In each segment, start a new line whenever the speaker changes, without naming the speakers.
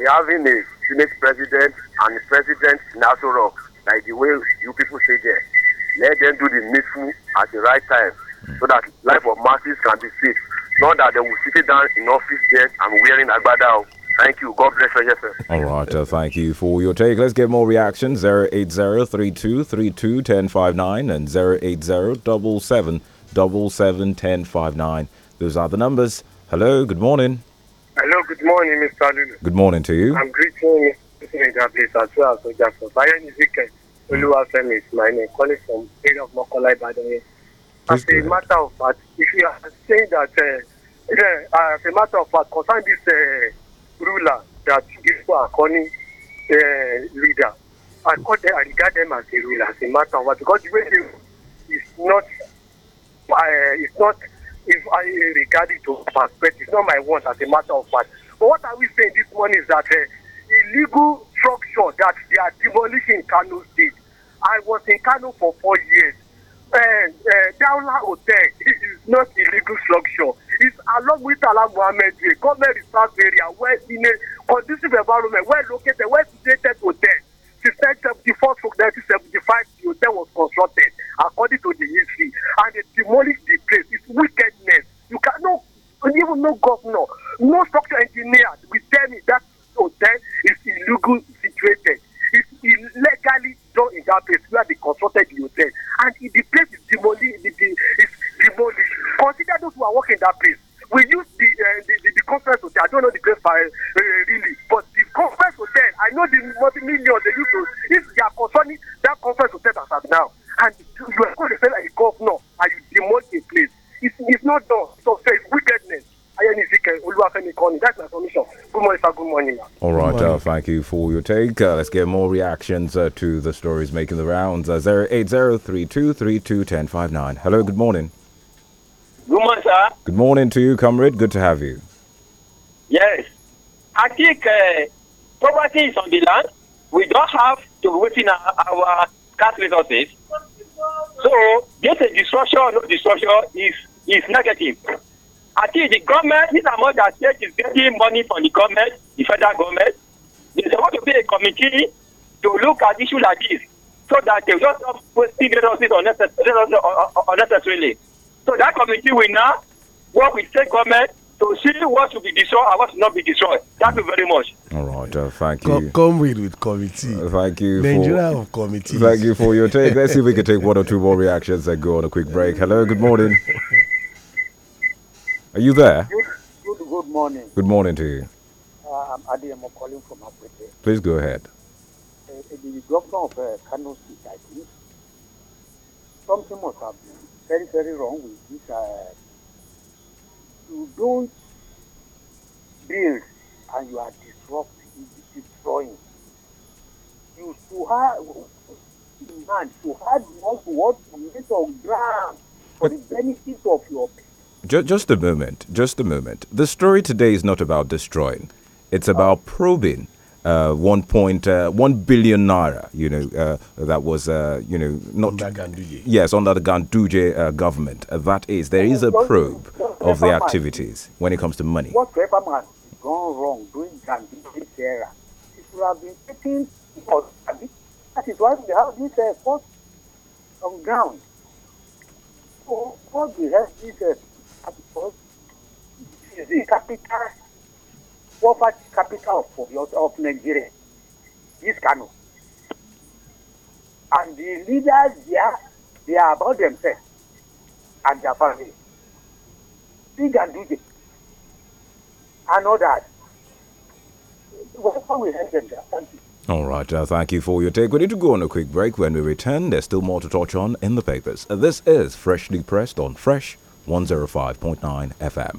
we having a Senate president and president natural like the way you people say there. Let them do the meeting at the right time so that life of masses can be saved. Not that they will sit down in office there and wearing agbada. Thank you. God
bless you, sir. All right. Uh, thank you for your take. Let's get more reactions. 80 and 80 7777 Those are the numbers. Hello. Good morning.
Hello, good morning, Mr. Lulu.
Good morning to you. I'm
greeting Mr. Place as well as Ojafo. Bayan Ezekiel Oluwafemi is my name, calling from Head of Mokola, Ibadan. As a matter of fact, if you are saying that, uh, uh, as a matter of fact, concerning this uh, ruler that people are calling uh, leader, I, call them, I regard them as a ruler, as a matter of fact, because the way they is not, uh, it's not if I, uh, regard it to perspective, it's not my want as a matter of fact. But what are we saying this morning is that uh, illegal structure that they are demolishing Kano State. I was in Kano for four years. Uh, uh, Daula Hotel is not illegal structure. It's along with Alam Mohammed Way, government reserve area, where in a conducive environment, well located, well situated hotel. 1974 to 1975 the hotel was constructed, according to the history, and they demolished the place. It's wickedness. You cannot even no governor, no structural engineer will tell me that hotel is illegal situated. It's illegally done in that place where they constructed the hotel. And if the place is demolished, it's demolished. Consider those who are working that place. We use the, uh, the, the, the conference hotel. I don't know the place by uh, really, but the conference hotel. I know the multi million they use to, if they are concerning that conference hotel as has now, and you are going to sell like a governor and you demolish a place. It's, it's not done. So it's wickedness. That's my submission. Good morning, sir. Good morning.
All right. Uh, morning. Uh, thank you for your take. Uh, let's get more reactions uh, to the stories making the rounds. Uh, 08032321059. Hello. Good morning.
Good morning,
sir.
Good morning to you, comrade. Good to have you.
Yes. I think uh, poverty is on the land. We don't have to within our, our scarce resources. So just a destruction or no destruction is is negative. I think the government, this amount that state is getting money from the government, the federal government, They supposed to be a committee to look at issues like this so that they will not stop wasting resources unnecessarily. So that committee will now work with state government to see what to be destroyed and what to not be destroyed. Thank you very much.
All right, uh, thank you. Come, come with with committee. Uh, thank you. Nigeria for, of committee. Thank you for your take. Let's see if we can take one or two more reactions and go on a quick break. Hello, good morning. Are you there?
Good, good, good morning.
Good morning to you.
Uh, I'm Adi. I'm calling from Africa. Please go ahead. Uh, uh, the governor of uh, Kano I think, something was happening very, very wrong with this uh, you don't build and you are disrupting, destroying. You should have man. to have what make on ground for the benefit of your people.
just a moment, just a moment. The story today is not about destroying, it's about probing uh, 1.1 uh, 1 billion naira, you know, uh, that was, uh, you know, not. Ganduje. Yes, under the Ganduje government. that is, there is a probe of the activities when it comes to money.
Whatever has gone wrong during Ganduje's era, it should have been taken that is why we have this uh, on ground. what we have this uh, capital, this capital proper capital of, of Nigeria is Kano. And the leaders there, they are about themselves and their family. Big and do and I know we help them there. Thank you.
All right, uh, thank you for your take. We need to go on a quick break. When we return, there's still more to touch on in the papers. This is Freshly Pressed on Fresh 105.9 FM.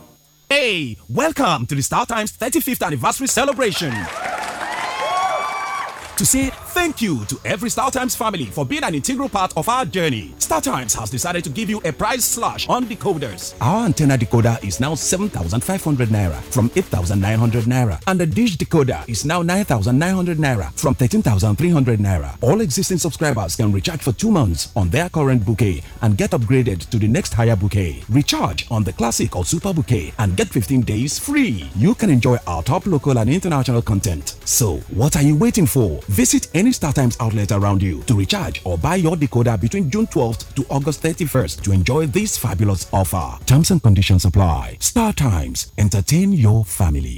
Hey, welcome to the Star Times 35th anniversary celebration. to say Thank you to every StarTimes family for being an integral part of our journey. StarTimes has decided to give you a price slash on decoders. Our antenna decoder is now 7,500 naira from 8,900 naira, and the dish decoder is now 9,900 naira from 13,300 naira. All existing subscribers can recharge for two months on their current bouquet and get upgraded to the next higher bouquet. Recharge on the classic or super bouquet and get 15 days free. You can enjoy our top local and international content. So, what are you waiting for? Visit any StarTimes outlet around you to recharge or buy your decoder between June 12th to August 31st to enjoy this fabulous offer. Terms and conditions apply. StarTimes, entertain your family.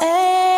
hey.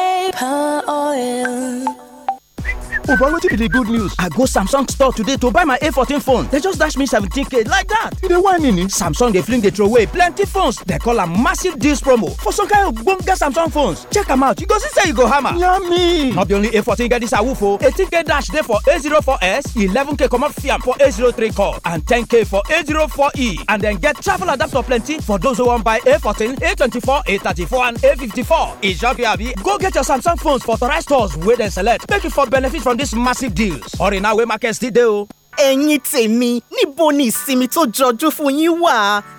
Oba, oh, wetin be the good news? I go Samsung store today to buy my A14 phone. They just dash me 17k like that. You dey whine nini? Samsung dey fling dey away plenty phones. They call am massive deals promo for some kind ogbonge Samsung phones. Check am out, you go see say you go hammer. Yummy! Not be only A14 get this awoof o. 18k dash dey for A04s, 11k comot fiam for A03 call and 10k for A04e. And then get travel adapter plenty for those who wan buy A14, A24, A34 and A54. E sure be Go get your Samsung phones for authorized stores wey dem select make it for benefit from these massive deals. Hurry now, Way Market
still dey o. ẹ̀yin tèmi níbo ni ìsinmi tó jọjú fún yín wà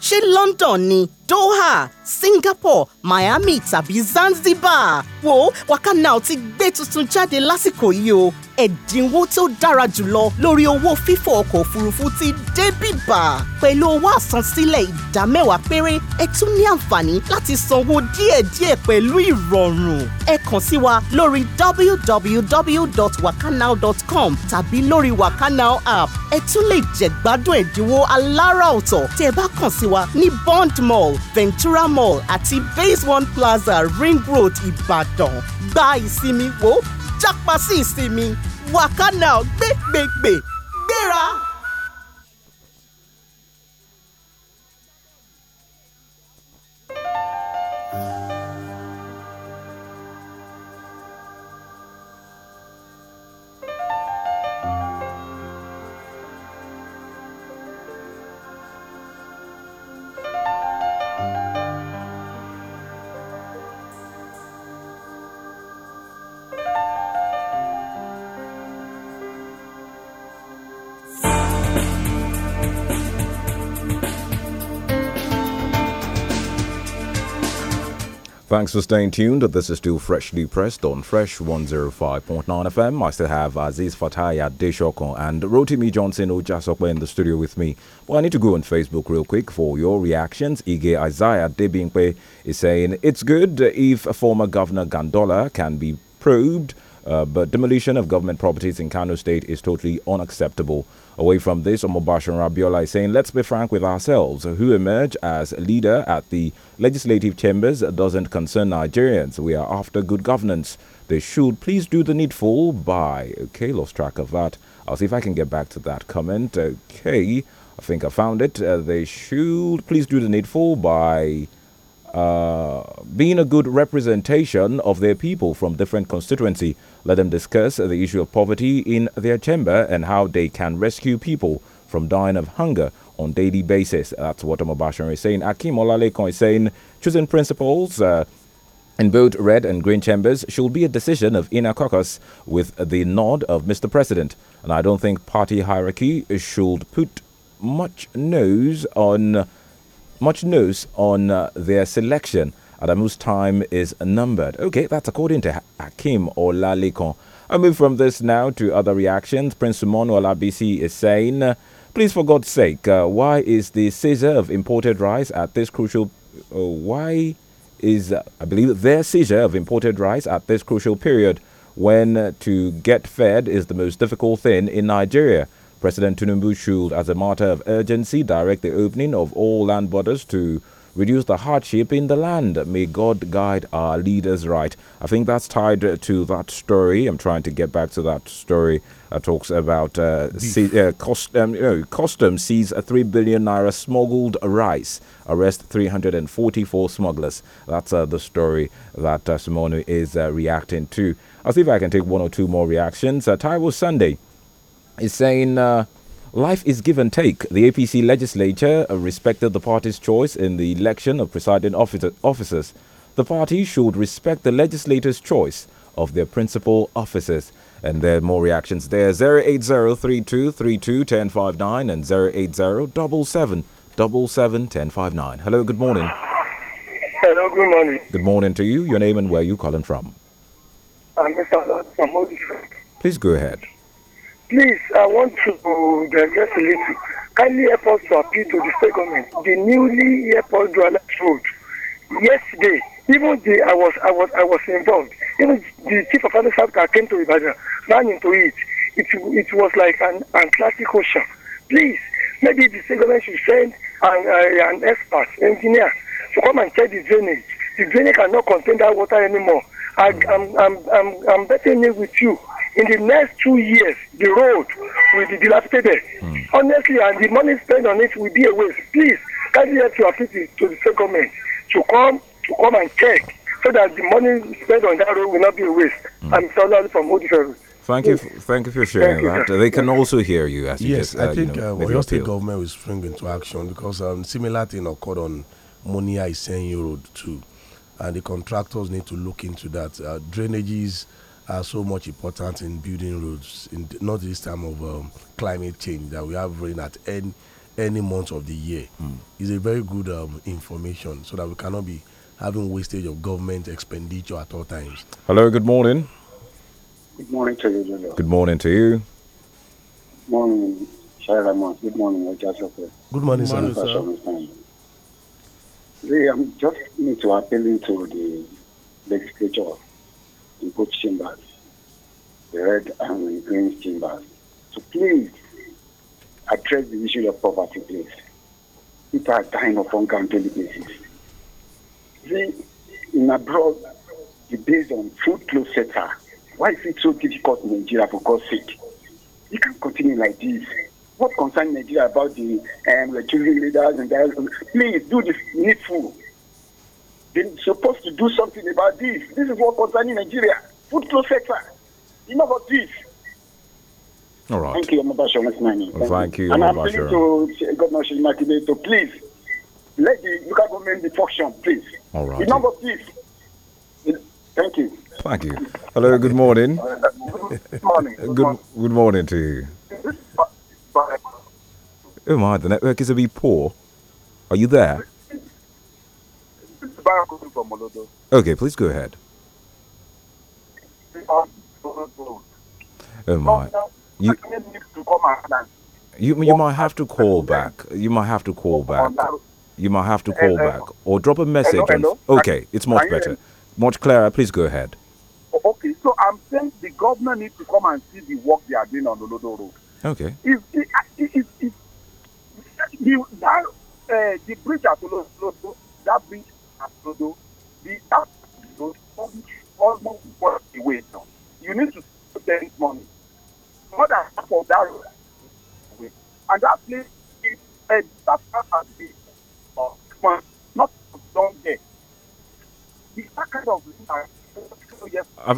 ṣé London ni Doha Singapore Miami tàbí Zanzibar wo Wakana ti gbé tuntun jáde lásìkò yìí o ẹ̀dínwó tó dára jùlọ lórí owó fífò ọkọ̀ òfurufú ti dé bíbà pẹ̀lú owó àsansílẹ̀ ìdá mẹ́wàá péré ẹ tún ní àǹfààní láti sanwó díẹ̀díẹ̀ pẹ̀lú ìrọ̀rùn ẹ kàn sí wa lórí www.wakanow.com tàbí lórí Wakanow app ẹ tún lè jẹ̀gbádùn ẹ̀dínwó alára ọ̀tọ̀ tí ẹ bá kàn sí wa ní Bond Mall ventura mall àti base one plaza ring road ìbàdàn gba ìsinmi wo jápa sí ìsinmi wakana gbẹgbẹgbẹ
gbéra. thank you
Thanks for staying tuned. This is still freshly pressed on Fresh 105.9 FM. I still have Aziz Fataya Deshoko and Rotimi Johnson Ojasokwe in the studio with me. Well, I need to go on Facebook real quick for your reactions. Ige Isaiah Debingpe is saying, It's good if former Governor Gandola can be probed uh, but demolition of government properties in Kano State is totally unacceptable. Away from this, Omobashan Rabiola is saying, let's be frank with ourselves. Who emerge as leader at the legislative chambers doesn't concern Nigerians. We are after good governance. They should please do the needful by. Okay, lost track of that. I'll see if I can get back to that comment. Okay, I think I found it. Uh, they should please do the needful by. Uh, being a good representation of their people from different constituency. Let them discuss the issue of poverty in their chamber and how they can rescue people from dying of hunger on daily basis. That's what Omobashan is saying. Akim Olalekon is saying choosing principles uh, in both red and green chambers should be a decision of inner caucus with the nod of Mr. President. And I don't think party hierarchy should put much nose on much news on uh, their selection. Adamu's time is numbered. Okay, that's according to Hakim Olalikon. I move from this now to other reactions. Prince Sumono Olabisi is saying, uh, Please, for God's sake, uh, why is the seizure of imported rice at this crucial... Uh, why is, uh, I believe, their seizure of imported rice at this crucial period when to get fed is the most difficult thing in Nigeria? President Tinubu should, as a matter of urgency, direct the opening of all land borders to reduce the hardship in the land. May God guide our leaders right. I think that's tied to that story. I'm trying to get back to that story. Uh, talks about uh, see, uh, cost, um, you know, customs sees a 3 billion naira smuggled rice, arrest 344 smugglers. That's uh, the story that uh, Simonu is uh, reacting to. I'll see if I can take one or two more reactions. Uh, Taiwo Sunday is saying uh, life is give and take. The APC legislature respected the party's choice in the election of presiding officers. The party should respect the legislator's choice of their principal officers. And there are more reactions there 08032321059 and 08077771059. Hello, good morning.
Hello, good morning.
Good morning to you. Your name and where you calling from?
I'm Mr.
Please go ahead
please, I want to digress a little. Kindly help us to appeal to the state government. The newly airport Duala Road. Yesterday, even the I was I was I was involved. Even the chief of other staff came to Ibadan, ran into it. It it was like an, an classic ocean. Please, maybe the state government should send an, uh, an expert engineer to come and check the drainage. The drainage cannot contain that water anymore. I, I'm, I'm, I'm, I'm betting it with you in the next two years, the road will be dilapidated. Mm. Honestly, and the money spent on it will be a waste. Please, kindly help your appeal to the state government to come to come and check so that the money spent on that road will not be a waste. Mm. I'm totally from
Thank you, thank you for sharing you, that. Sir. They can also hear you. As you yes, just, uh, I think you know, uh, State
government will spring into action because um, similar thing occurred on Monia Isenyo Road too, and the contractors need to look into that. Uh, drainages are so much important in building roads, in not this time of um, climate change that we have rain at any any month of the year. Mm. It's a very good um, information so that we cannot be having wastage of government expenditure at all times.
Hello, good morning. Good
morning to you,
Good morning to you.
Morning, Good morning, Joseph. Good morning, Good morning, sir. sir. I'm just need to appeal to the legislature in both chambers, the red and green chambers. So please address the issue of poverty, please. People are dying of hunger on daily basis. See, in abroad, the based on food clothes, etc. Why is it so difficult in Nigeria, for God's sake? You can't continue like this. What concerns Nigeria about the um, the choosing leaders and that? Please do this needful they're supposed to do something about this. This is what concerning Nigeria. Food close sector. Enough about this. All right. Thank you, Mabasha.
Thank, well, Thank you, you And I'm appealing
to Governor Shimakide to please let the local government be functioned, please. All right. Enough about this. Thank you.
Thank you. Hello, good morning. Uh, good morning. Good, good, good morning to you. Oh my, the network is a bit poor. Are you there? from Okay, please go ahead.
Oh
my. You, you, you might have to call back. You might have to call back. You might have to call back or drop a message. Hello, hello? Okay, it's much better. Much clearer. Please go ahead.
Okay, so I'm saying the governor needs to come and see the work they are doing on the Lodo Road. Okay. If, if, if, if, if, that, uh, the bridge at Olodo, that bridge almost now. You need to spend money. More than half of that And that place is a disaster not done yet. The kind of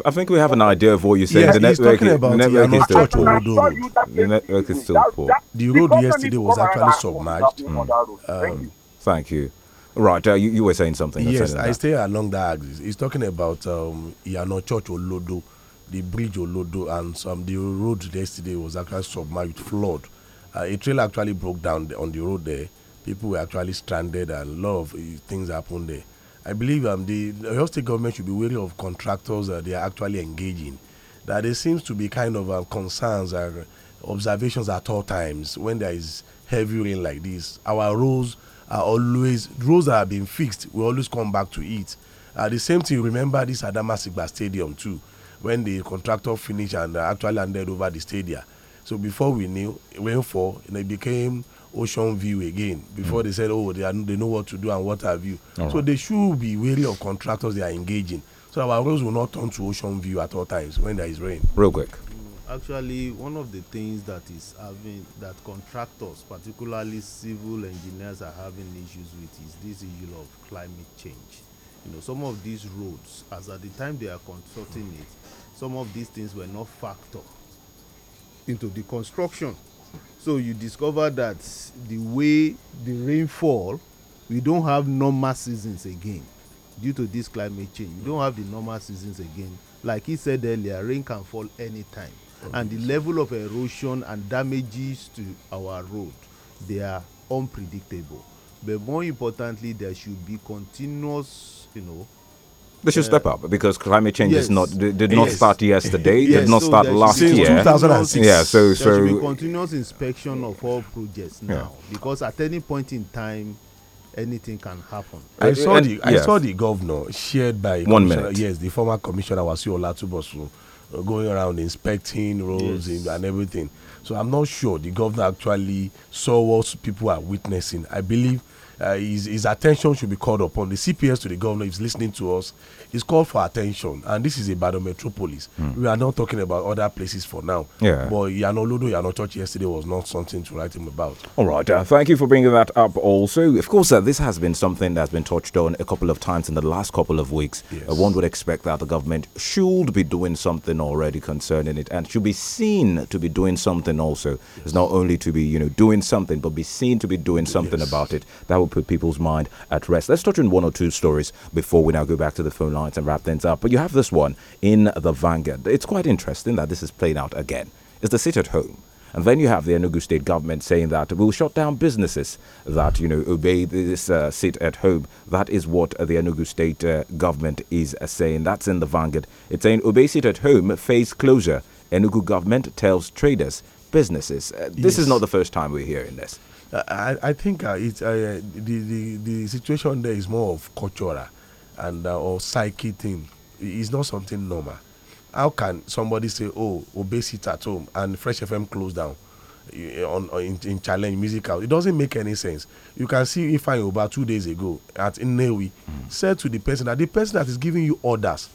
I, think we have an idea of what you're saying. Yes, the network, is, the network is still poor. The network is still poor. The road yesterday was actually submerged. Mm. Um, thank you. Right, uh, you, you, were saying something. Yes, I that. stay along that axis. He's talking about um, Yano
Church Olodo, the bridge Olodo, and some the road yesterday was actually submerged, flood. Uh, a trailer actually broke down on the road there. People were actually stranded, and a lot of uh, things happened there. I believe um, the, the State government should be wary of contractors that they are actually engaging. That there seems to be kind of uh, concerns and observations at all times when there is heavy rain like this. Our roads are always roads that have been fixed we always come back to it uh, the same thing remember this adamasigba stadium too when the contractor finished and uh, actually handed over the stadium so before we knew it went for and it became ocean view again before mm. they said oh they, are, they know what to do and what have you all so right. they should be wary of contractors they are engaging so our roads will not turn to ocean view at all times when there is rain real quick
actually one of the things that is having that contractors particularly civil engineers are having issues with is this issue of climate change you know some of these roads as at the time they are constructing it some of these things were not factored into the construction so you discover that the way the rainfall we don't have normal seasons again due to this climate change we don't have the normal seasons again like he said earlier rain can fall anytime and the level of erosion and damages to our road they are unpredictable but more importantly there should be continuous you know they should uh, step up because climate change yes. is not did, did yes. not start yesterday. yes. Did not so start last year. 2006. Yeah, so there so should be continuous inspection of all projects now yeah. because at any point in time, anything can happen. I, I
saw and, the I saw the governor shared by one minute. Yes, the former commissioner was here. Uh, going around inspecting roads yes. and everything. So I'm not sure the governor actually saw what people are witnessing. I believe uh, his, his, attention should be called upon. The CPS to the governor is listening to us. He's called for attention, and this is a Ibadan metropolis. Mm. We are not talking about other places for now. Yeah. But Yano Ludo, Yano Church yesterday was not something to write him about.
All right. Uh, thank you for bringing that up. Also, of course, uh, this has been something that's been touched on a couple of times in the last couple of weeks. Uh, yes. one would expect that the government should be doing something already concerning it, and should be seen to be doing something also. Yes. It's not only to be you know doing something, but be seen to be doing something yes. about it. That will put people's mind at rest. Let's touch on one or two stories before we now go back to the phone lines and wrap things up. But you have this one in the Vanguard. It's quite interesting that this is playing out again. It's the sit at home. And then you have the Enugu state government saying that we'll shut down businesses that, you know, obey this uh, sit at home. That is what the Enugu state uh, government is uh, saying. That's in the Vanguard. It's saying obey sit at home, face closure. Enugu government tells traders, businesses. Uh, this yes. is not the first time we're hearing this.
I, I think uh, it's, uh, the, the, the situation there is more of cultural and uh, or psyche thing. It's not something normal. How can somebody say, oh, obesity at home and Fresh FM closed down? Eh, on, on in, in, challenge musical it doesn't make any sense you can see if I about two days ago at inewi mm. said to the person that the person that is giving you orders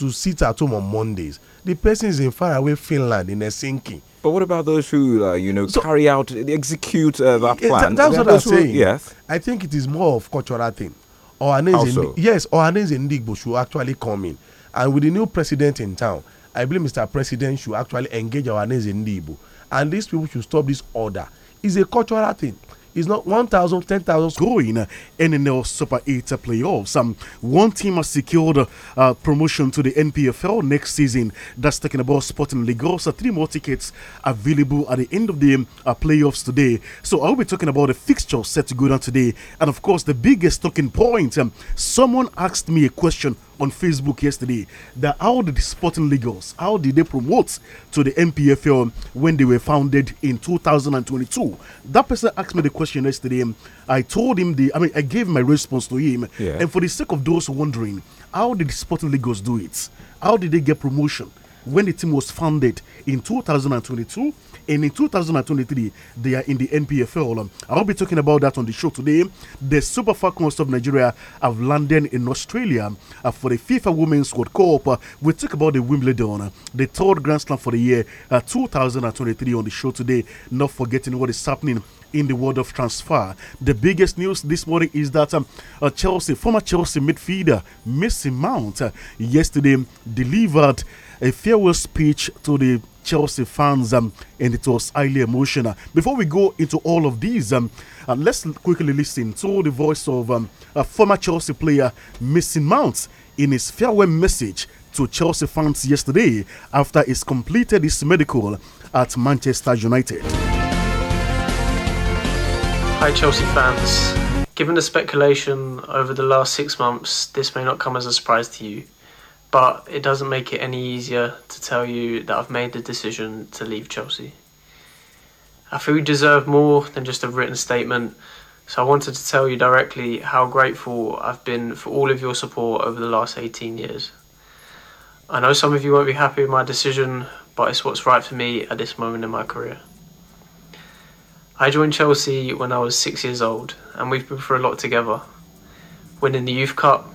to sit at home on Mondays. The person is in faraway Finland, in Helsinki. But what about those who, uh, you
know, so, carry out, execute uh, that plan? that's what I'm saying. yes.
I think it is more of cultural thing. Ohanes in, yes, or and Indigbo should actually come in. And with the new president in town, I believe Mr. President should actually engage our and Digbo. And these people should stop this order. It's a cultural thing is not 1,000, 10,000 going in
the Super 8 playoffs. Um, one team has secured uh, promotion to the NPFL next season. That's talking about Sporting Lagos. Uh, three more tickets available at the end of the uh, playoffs today. So I'll be talking about the fixture set to go down today. And of course, the biggest talking point um, someone asked me a question on Facebook yesterday that how did Sporting Lagos, how did they promote to the MPFL when they were founded in 2022? That person asked me the question yesterday. I told him the, I mean, I gave my response to him. Yeah. And for the sake of those wondering, how did Sporting Lagos do it? How did they get promotion? when the team was founded in 2022 and in 2023 they are in the NPFL. Um, I'll be talking about that on the show today. The Super Falcons of Nigeria have landed in Australia uh, for the FIFA Women's World Cup. Uh, we talk about the Wimbledon, uh, the third Grand Slam for the year uh, 2023 on the show today. Not forgetting what is happening in the world of transfer. The biggest news this morning is that um, uh, Chelsea, former Chelsea midfielder Missy Mount, uh, yesterday delivered a farewell speech to the Chelsea fans, um, and it was highly emotional. Before we go into all of these, um, uh, let's quickly listen to the voice of um, a former Chelsea player, Mason Mount, in his farewell message to Chelsea fans yesterday after he's completed his medical at Manchester United. Hi,
Chelsea fans. Given the speculation over the last six months, this may not come as a surprise to you but it doesn't make it any easier to tell you that I've made the decision to leave Chelsea. I feel you deserve more than just a written statement, so I wanted to tell you directly how grateful I've been for all of your support over the last 18 years. I know some of you won't be happy with my decision, but it's what's right for me at this moment in my career. I joined Chelsea when I was six years old, and we've been through a lot together. Winning the Youth Cup,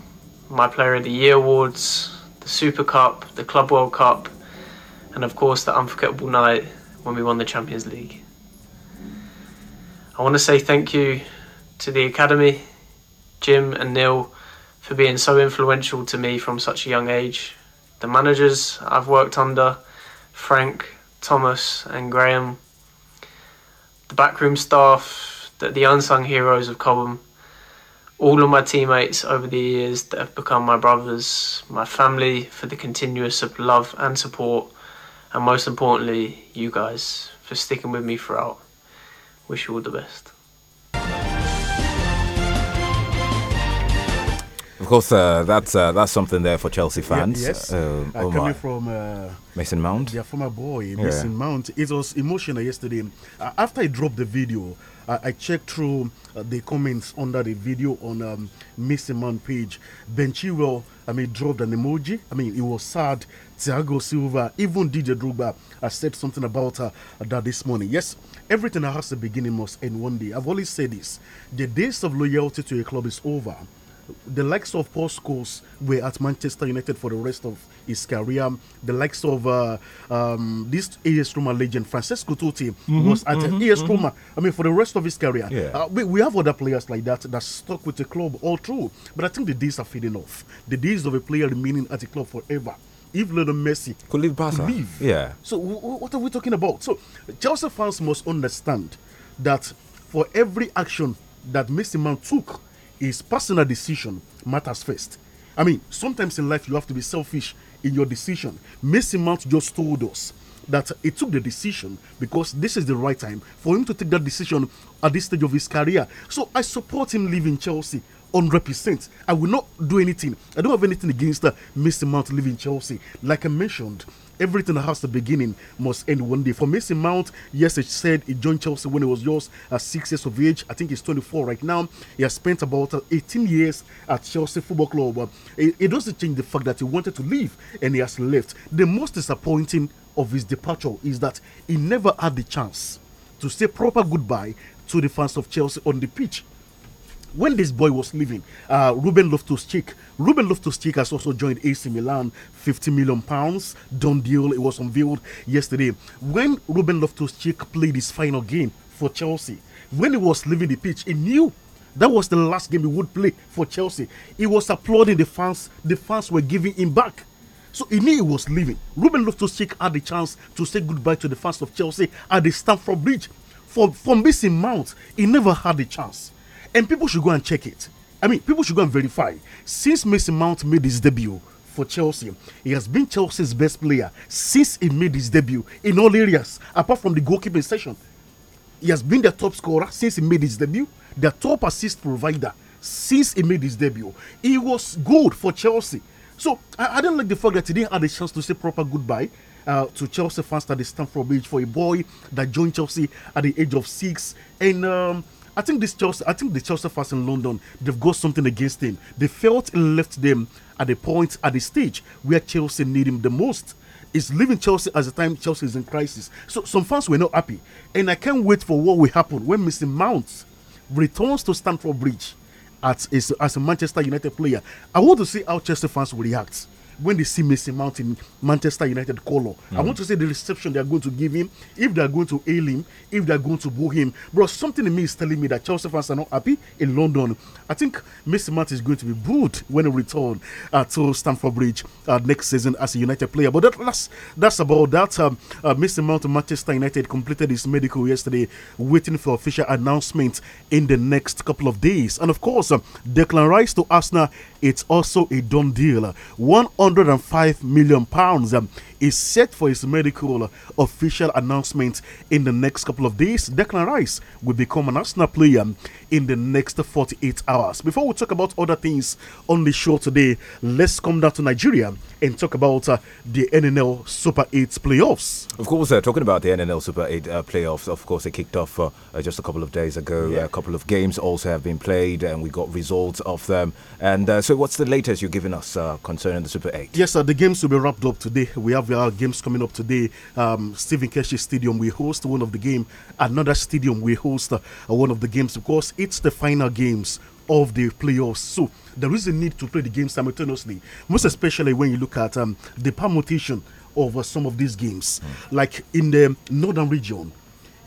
my Player of the Year awards, the Super Cup, the Club World Cup, and of course the unforgettable night when we won the Champions League. I want to say thank you to the Academy, Jim and Neil, for being so influential to me from such a young age. The managers I've worked under, Frank, Thomas, and Graham, the backroom staff, the, the unsung heroes of Cobham, all of my teammates over the years that have become my brothers, my family, for the continuous love and support, and most importantly, you guys for sticking with me throughout. Wish you all the best.
Of course, uh, that's uh, that's something there for Chelsea fans. Yeah, yes, uh, coming from uh,
Mason Mount, Yeah, former boy, Mason Mount. It was emotional yesterday. Uh, after I dropped the video, uh, I checked through the comments under the video on um, Mason Mount page. Ben Chilwell, I mean, dropped an emoji. I mean, it was sad. Thiago Silva, even DJ Drogba, I said something about that this morning. Yes, everything has a beginning must end one day. I've always said this: the days of loyalty to a club is over the likes of Paul Scholes were at Manchester United for the rest of his career. The likes of uh, um, this AS Roma legend Francesco Totti mm -hmm, was at mm -hmm, AS mm-hmm. Roma. Mm -hmm. I mean, for the rest of his career, yeah. uh, we, we have other players like that that stuck with the club all through. But I think the days are fading off. The days of a player remaining at the club forever if little Messi could leave Barca, could leave. yeah. So what are we talking about? So Chelsea fans must understand that for every action that Messi man took is personal decision matters first. I mean, sometimes in life you have to be selfish in your decision. Mason Mount just told us that he took the decision because this is the right time for him to take that decision at this stage of his career. So I support him leaving Chelsea 100%. I will not do anything. I don't have anything against uh, Mount leaving Chelsea. Like I mentioned, everything has a beginning, must end one day. For Mason Mount, yes, it said he joined Chelsea when he was just uh, six years of age. I think he's 24 right now. He has spent about uh, 18 years at Chelsea Football Club. Uh, it, it doesn't change the fact that he wanted to leave and he has left. The most disappointing of his departure is that he never had the chance to say proper goodbye to the fans of Chelsea on the pitch when this boy was leaving, uh, Ruben Loftus Cheek, Ruben Loftus Cheek has also joined AC Milan, 50 million pounds done deal. It was unveiled yesterday. When Ruben Loftus Cheek played his final game for Chelsea, when he was leaving the pitch, he knew that was the last game he would play for Chelsea. He was applauding the fans. The fans were giving him back. So he knew he was leaving. Ruben Loftus-Cheek had the chance to say goodbye to the fans of Chelsea at the Stamford Bridge. For, from this amount, he never had the chance. And people should go and check it. I mean, people should go and verify. Since Mason Mount made his debut for Chelsea, he has been Chelsea's best player since he made his debut in all areas, apart from the goalkeeping session. He has been the top scorer since he made his debut, the top assist provider since he made his debut. He was good for Chelsea. So I, I don't like the fact that he didn't have a chance to say proper goodbye. Uh, to Chelsea fans at the Stamford Bridge for a boy that joined Chelsea at the age of six. And um, I think this Chelsea, I think the Chelsea fans in London, they've got something against him. They felt he left them at the point, at the stage where Chelsea need him the most. Is leaving Chelsea at the time Chelsea is in crisis. So some fans were not happy, and I can't wait for what will happen when Mr. Mount returns to Stamford Bridge as, as a Manchester United player. I want to see how Chelsea fans will react when they see Messi Mount in Manchester United color, mm. I want to say the reception they are going to give him, if they are going to hail him, if they are going to boo him. Bro, something in me is telling me that Chelsea fans are not happy in London. I think Messi Mount is going to be booed when he returns uh, to Stamford Bridge uh, next season as a United player. But that, that's that's about that. Um, uh, Mr. Mount Manchester United completed his medical yesterday, waiting for official announcement in the next couple of days. And of course, um, Declan Rice to Arsenal, it's also a done deal. One. 105 million pounds. Um, is set for his medical official announcement in the next couple of days. Declan Rice will become an Arsenal player in the next 48 hours. Before we talk about other things on the show today, let's come down to Nigeria and talk about uh, the NNL Super 8 playoffs.
Of course, uh, talking about the NNL Super 8 uh, playoffs, of course, they kicked off uh, uh, just a couple of days ago. Yeah. A couple of games also have been played, and we got results of them. And uh, so, what's the latest you're giving us concerning the Super 8?
Yes, the games will be wrapped up today. We have uh, games coming up today. Um, Stephen Keshi Stadium we host one of the game. Another stadium we host uh, one of the games because it's the final games of the playoffs. So there is a need to play the game simultaneously, most especially when you look at um, the permutation of uh, some of these games. Mm. Like in the northern region,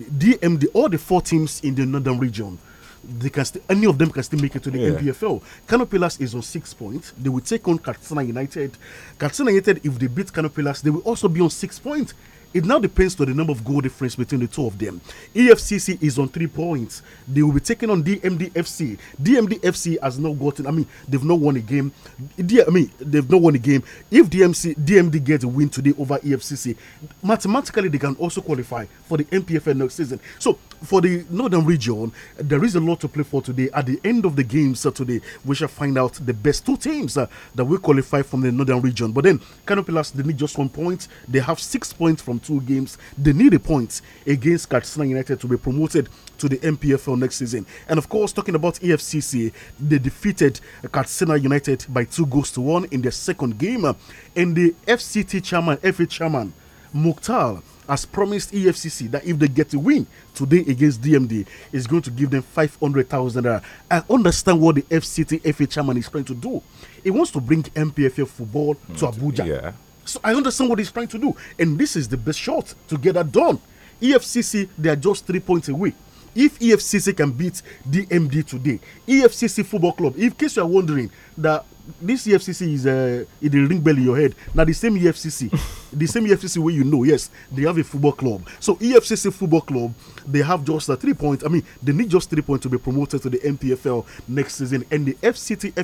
DMD, all the four teams in the northern region they can any of them can still make it to the yeah. NPFL. Canopilas is on six points. They will take on Katsina United. Katsina United, if they beat Canopilas, they will also be on six points. It now depends on the number of goal difference between the two of them. EFCC is on three points. They will be taking on DMDFC. DMDFC has not gotten. I mean, they've not won a game. I mean, they've not won a game. If DMC DMD gets a win today over EFCC, mathematically they can also qualify for the NPFL next season. So for the Northern region, there is a lot to play for today. At the end of the games uh, today, we shall find out the best two teams uh, that will qualify from the Northern region. But then, Canopilas, they need just one point. They have six points from two games. They need a point against Katsina United to be promoted to the MPFL next season. And of course, talking about EFCC, they defeated Katsina United by two goals to one in their second game. Uh, and the FCT chairman, FA chairman, Mukhtar, has promised EFCC that if they get a win today against DMD, it's going to give them 500,000. I understand what the FCTFA chairman is trying to do. He wants to bring MPFA football mm, to Abuja. Yeah. So I understand what he's trying to do. And this is the best shot to get that done. EFCC, they are just three points away. If EFCC can beat DMD today, EFCC Football Club, in case you are wondering, that this EFCC is uh, in the ring bell in your head. Now the same EFCC, the same EFCC where you know, yes, they have a football club. So EFCC football club, they have just uh, three points. I mean, they need just three points to be promoted to the MPFL next season. And the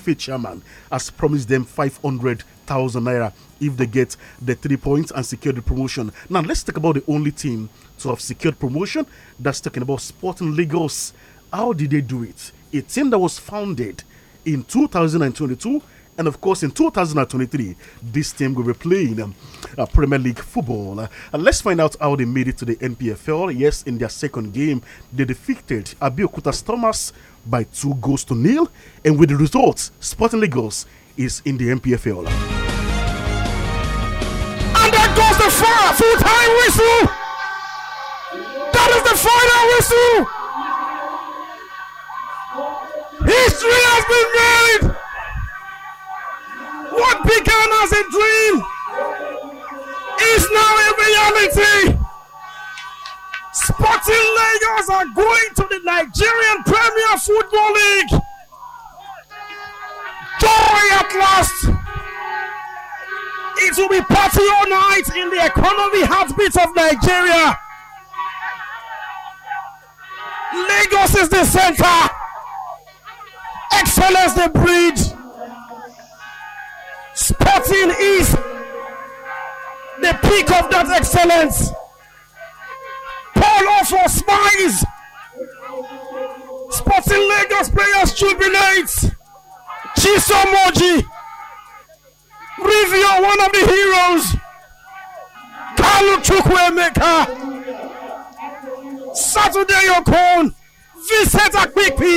FA chairman has promised them 500 thousand naira if they get the three points and secure the promotion. Now let's talk about the only team to have secured promotion. That's talking about Sporting Lagos. How did they do it? A team that was founded in 2022 and of course, in 2023, this team will be playing um, uh, Premier League football. Uh, let's find out how they made it to the NPFL. Yes, in their second game, they defeated Abiyokuta Thomas by two goals to nil. And with the results, Sporting Lagos is in the NPFL. And
that goes the full time whistle. That is the final whistle. History has been made. What began as a dream is now a reality. Sporting Lagos are going to the Nigerian Premier Football League. Joy at last. It will be party all night in the economy heartbeat of Nigeria. Lagos is the center. Excellence the breed. Sporting is the peak of that excellence. Paul also smiles. Sporting Lagos players jubilates. Chisomoji. Rivio, one of the heroes. Kalu Chukwemeka. Saturday Okon. Vincent Akpipi.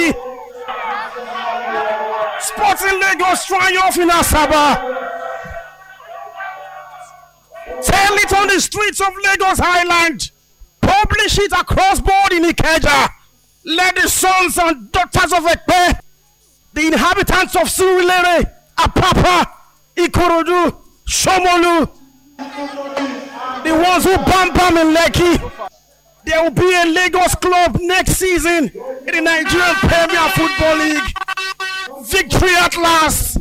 Sporting Lagos triumph in Asaba. Tell it on the streets of Lagos Highland. Publish it across board in Ikeja. Let the sons and daughters of Ekpe, the inhabitants of Surulere, Apapa, Ikorodu, Shomolu, the ones who bam bam in Lekki, there will be a Lagos club next season in the Nigerian Premier Football League. Victory at last.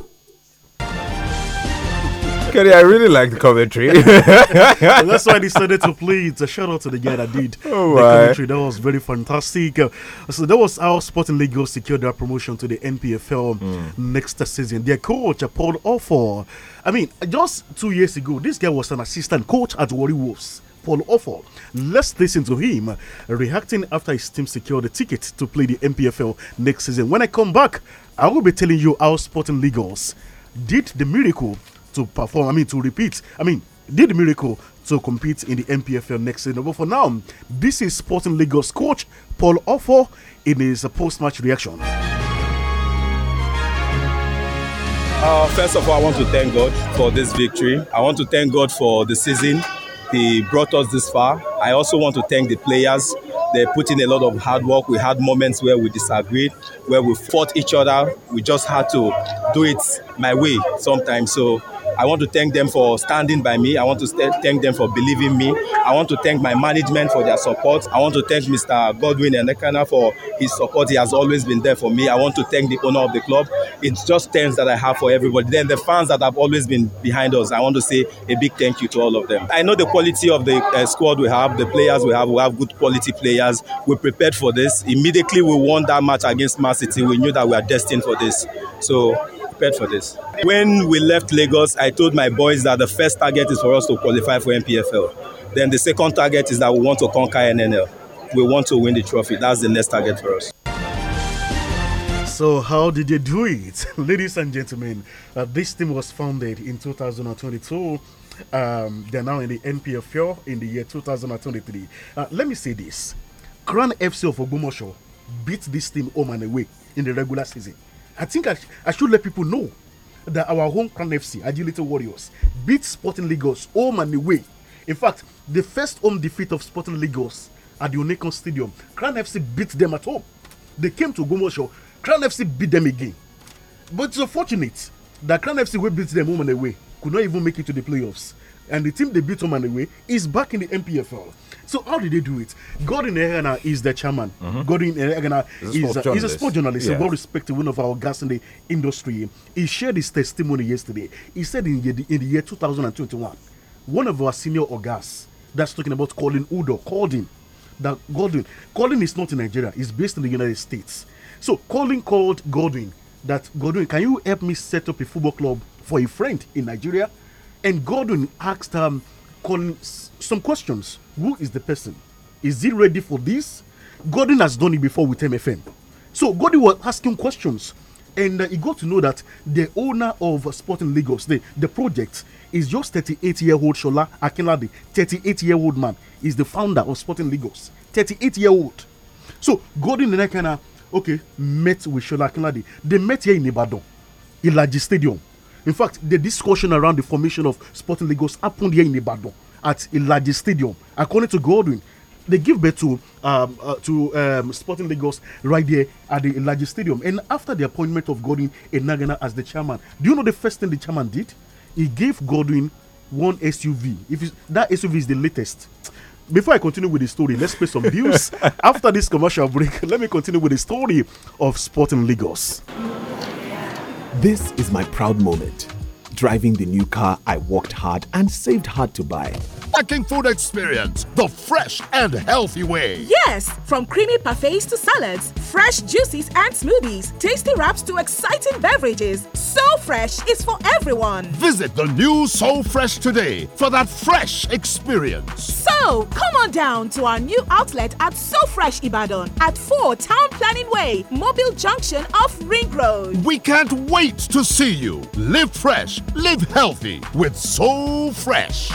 Kenny, I really the commentary.
well, that's why I decided to play it. A shout out to the guy that did oh the commentary. That was very fantastic. Uh, so that was how Sporting Lagos secured their promotion to the NPFL mm. next season. Their coach, uh, Paul Offal. I mean, just two years ago, this guy was an assistant coach at Worry Wolves. Paul Offal. Let's listen to him reacting after his team secured the ticket to play the NPFL next season. When I come back, I will be telling you how Sporting Lagos did the miracle to perform, I mean, to repeat, I mean, did the miracle to compete in the MPFL next season. But for now, this is Sporting Lagos coach Paul Offo in his post match reaction.
Uh, first of all, I want to thank God for this victory. I want to thank God for the season. He brought us this far. I also want to thank the players They put in a lot of hard work. We had moments where we disagreed, where we fought each other. We just had to do it my way sometimes. So I want to thank them for standing by me. I want to st- thank them for believing me. I want to thank my management for their support. I want to thank Mr. Godwin and Ekana for his support. He has always been there for me. I want to thank the owner of the club. It's just thanks that I have for everybody. Then the fans that have always been behind us, I want to say a big thank you to all of them. I know the quality of the uh, squad we have, the players we have. We have good quality players. We prepared for this. Immediately we won that match against Man City. We knew that we are destined for this. So prepared for this. When we left Lagos, I told my boys that the first target is for us to qualify for MPFL. Then the second target is that we want to conquer NNL. We want to win the trophy. That's the next target for us.
So, how did they do it? Ladies and gentlemen, uh, this team was founded in 2022. Um, they're now in the NPFL in the year 2023. Uh, let me say this Crown FC of Ogumosho beat this team home and away in the regular season. I think I, sh I should let people know that our home Crown FC, Little Warriors, beat Sporting Lagos home and away. In fact, the first home defeat of Sporting Lagos at the Onekon Stadium, Crown FC beat them at home. They came to Gomosho, Crown FC beat them again. But it's unfortunate that Crown FC will beat them home and away, could not even make it to the playoffs. And the team they beat home and away is back in the MPFL. So how did they do it? Gordon Erena is the chairman. Mm-hmm. Gordon Erena is, a, sports a sport journalist, a well respected, one of our guys in the industry. He shared his testimony yesterday. He said in, the, in the year 2021, one of our senior orgas that's talking about Colin Udo called him. That Gordon, Colin is not in Nigeria, he's based in the United States. So Colin called Godwin that Godwin, can you help me set up a football club for a friend in Nigeria? And Godwin asked him, um, con some questions. Who is the person? Is he ready for this? Gordon has done it before with MFM. So Gordon was asking questions. And uh, he got to know that the owner of uh, Sporting Lagos, the, the project, is just 38 year old Shola Akinlade, 38 year old man, is the founder of Sporting Lagos, 38 year old. So Gordon and I kind of, okay, met with Shola Akinlade. They met here in Ibadan, Ilaji Stadium. In fact, the discussion around the formation of Sporting Lagos happened here in Ibadan at a large stadium. According to Godwin, they give birth to um, uh, to um, Sporting Lagos right there at the large stadium. And after the appointment of Godwin Enagana as the chairman, do you know the first thing the chairman did? He gave Godwin one SUV. If that SUV is the latest. Before I continue with the story, let's play some views. after this commercial break, let me continue with the story of Sporting Lagos.
This is my proud moment. Driving the new car I worked hard and saved hard to buy.
Packing food experience the fresh and healthy way.
Yes, from creamy
parfaits to salads, fresh juices and smoothies, tasty wraps to exciting beverages. So Fresh is for everyone.
Visit the new So Fresh today for that fresh experience.
So, come on down to our new outlet at So Fresh Ibadan
at 4 Town Planning Way, Mobile
Junction off Ring Road. We can't
wait to see you. Live fresh Live healthy with Soul Fresh.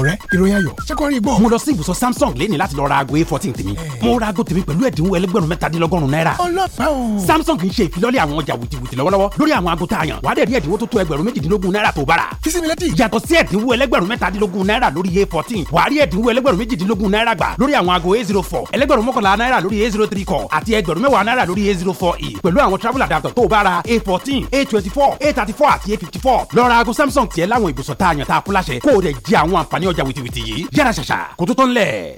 ọ̀rẹ́ ìròyìn ayọ̀ ṣé kò rí
gbọ́. mo lọ sí ibùsọ samsung lẹ́ni láti lọ ra aago a fourteen tèmi eh. mo ra aago tèmi pẹ̀lú ẹ̀dínwó ẹlẹ́gbẹ̀rún mẹ́tàdínlọ́gọ́rùn náírà. ọlọ́pàá o. samsung ń ṣe ìfilọ́lẹ̀ àwọn ọjà wìtìwìtì lọ́wọ́lọ́wọ́ lórí àwọn aago tá a yàn wàá dẹ̀ rí ẹ̀dínwó tó tó ẹgbẹ̀rún méjìdínlógún náírà tó bára. físímilẹ́tì. yàtọ̀ sí ẹ̀dínwó ẹlẹ́gbẹ̀rún mẹ́tàdínlógún náírà lórí a fourteen wàá rí ẹ̀dínwó ẹlẹ́gbẹ̀rún méjìdínlógún náírà gbà lórí àwọn aago a zero four ẹlẹ́gbẹ̀rún mọ́kànlá náírà lórí a zero three kọ àti ẹgbẹ̀rún mẹ́wàá náírà lórí a zero e pẹ̀lú àwọn travel adapter tó a fourteen a twenty a thirty a fifty four lọ samsung tiẹ̀ láwọn ibùsọ̀ tá a yàn tá a kó ọjà wìtìwìtì yìí yára ṣàṣà kó tó tán lẹ̀.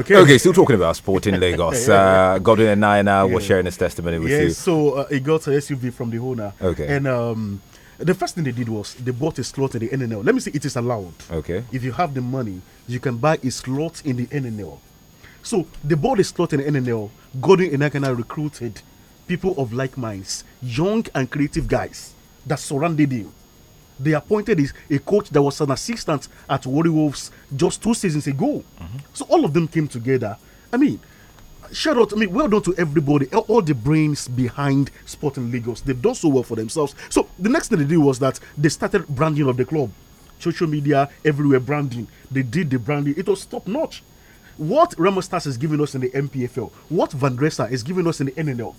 Okay. okay, still talking about sport in Lagos. Uh, Godwin and Naina yeah. were sharing his testimony with yeah, you.
so uh, he got an SUV from the owner. Okay. And um, the first thing they did was they bought a slot in the NNL. Let me see, it is allowed. Okay. If you have the money, you can buy a slot in the NNL. So they bought a slot in the NNL. Gordon Enakana recruited people of like minds, young and creative guys that surrounded him. They appointed is a coach that was an assistant at Warrior Wolves just two seasons ago. Mm -hmm. So all of them came together. I mean, shout out, I mean, well done to everybody, all the brains behind Sporting Lagos. They've done so well for themselves. So the next thing they did was that they started branding of the club. Social media, everywhere branding. They did the branding. It was top notch. What Ramostas is giving us in the MPFL, what Van Dresser is giving us in the NNL,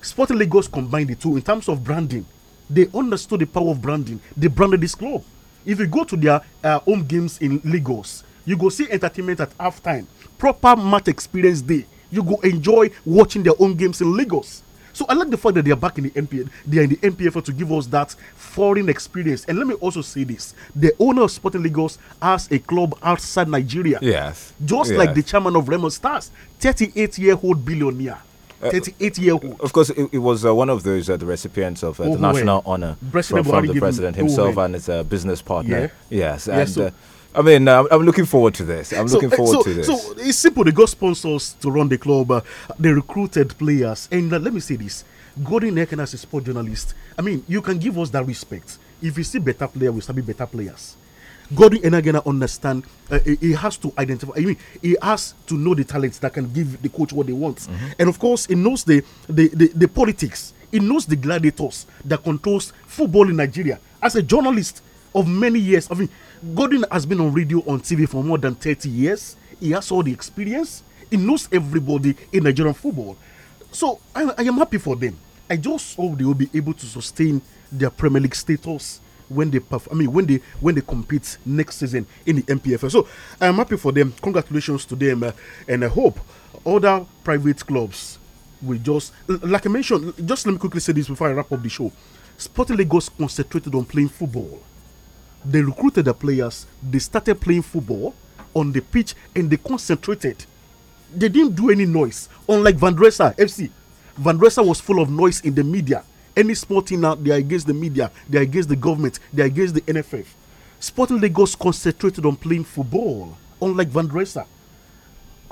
Sporting Lagos combined the two in terms of branding they understood the power of branding. They branded this club. If you go to their uh, home games in Lagos, you go see entertainment at halftime. Proper match experience day. You go enjoy watching their own games in Lagos. So I like the fact that they are back in the NPA. They are in the NPF to give us that foreign experience. And let me also say this: the owner of Sporting Lagos has a club outside Nigeria. Yes. Just yes. like the chairman of Raymond Stars, 38-year-old billionaire. Uh, 38
year old. Of course, it, it was uh, one of those uh, the recipients of the national honor president from, from the president himself and his business partner. Yeah. Yes, yes, So I mean, uh, I'm looking forward to this. I'm so, looking eh, forward so, to this. So
it's simple. They got sponsors to run the club. Uh, they recruited players. And uh, let me say this: Gordon Ecken as a sport journalist, I mean, you can give us that respect. If you see better players, we will be better players. Godwin Enagena understand. Uh, he, he, has to identify. I mean, he has to know the talents that can give the coach what they want, mm -hmm. and of course, he knows the the, the, the politics. He knows the gladiators that controls football in Nigeria. As a journalist of many years, I mean, Godwin has been on radio on TV for more than thirty years. He has all the experience. He knows everybody in Nigerian football. So I, I am happy for them. I just hope they will be able to sustain their Premier League status when they perform, I mean, when they when they compete next season in the MPFL. So I'm happy for them. Congratulations to them, uh, and I hope other private clubs will just, like I mentioned, just let me quickly say this before I wrap up the show. Sporting Lagos concentrated on playing football. They recruited the players. They started playing football on the pitch, and they concentrated. They didn't do any noise, unlike Vandresa FC. Vandresa was full of noise in the media any sporting now, they are against the media, they are against the government, they are against the NFF. Sporting Lagos concentrated on playing football, unlike Van Dresser.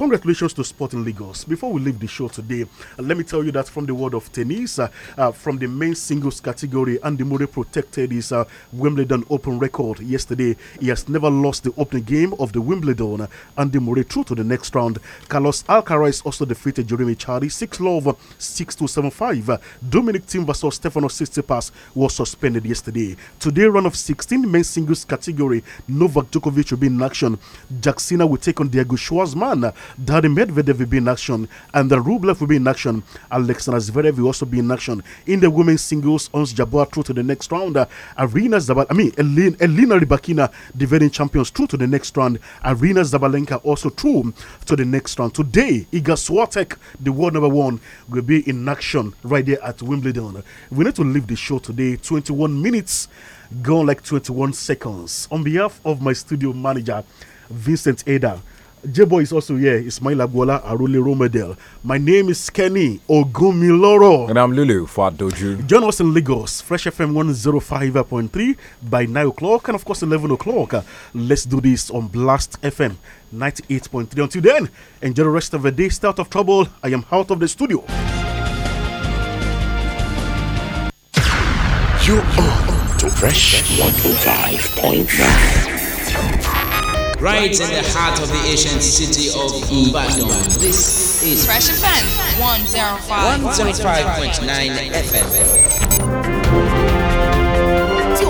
Congratulations to Sporting Lagos. Before we leave the show today, uh, let me tell you that from the world of tennis, uh, uh, from the main singles category, Andy Murray protected his Wimbledon Open record yesterday. He has never lost the opening game of the Wimbledon. Andy Murray through to the next round. Carlos Alcaraz also defeated Jeremy Chardy 6 love 6 7 5. Dominic Thiem versus Stefano Tsitsipas was suspended yesterday. Today, round of 16 main singles category, Novak Djokovic will be in action. Jacksina will take on Diego Schwartzman. Daddy Medvedev will be in action, and the Rublev will be in action. Alexander Zverev will also be in action. In the women's singles, Ons Jabeur through to the next round. Uh, Arena Zabal, I mean, Elena, Rybakina, defending champions, through to the next round. Arena Zabalenka also through to the next round. Today, Iga Swiatek, the world number one, will be in action right there at Wimbledon. We need to leave the show today. 21 minutes gone like 21 seconds. On behalf of my studio manager, Vincent Ada, Jebo is also here. Ismail Agwola, Arole role model. My name is Kenny Ogumiloro.
And I'm Lulu Fadoju.
Join us in Lagos, Fresh FM 105.3 by 9 o'clock and, of course, 11 o'clock. Uh, let's do this on Blast FM 98.3. Until then, enjoy the rest of the day. Stay out of trouble. I am out of the studio.
You are on to Fresh 105.9
right in the heart of the ancient city of Ibadan. This
is Fresh FM 105.9 105.
105. 105.
FM.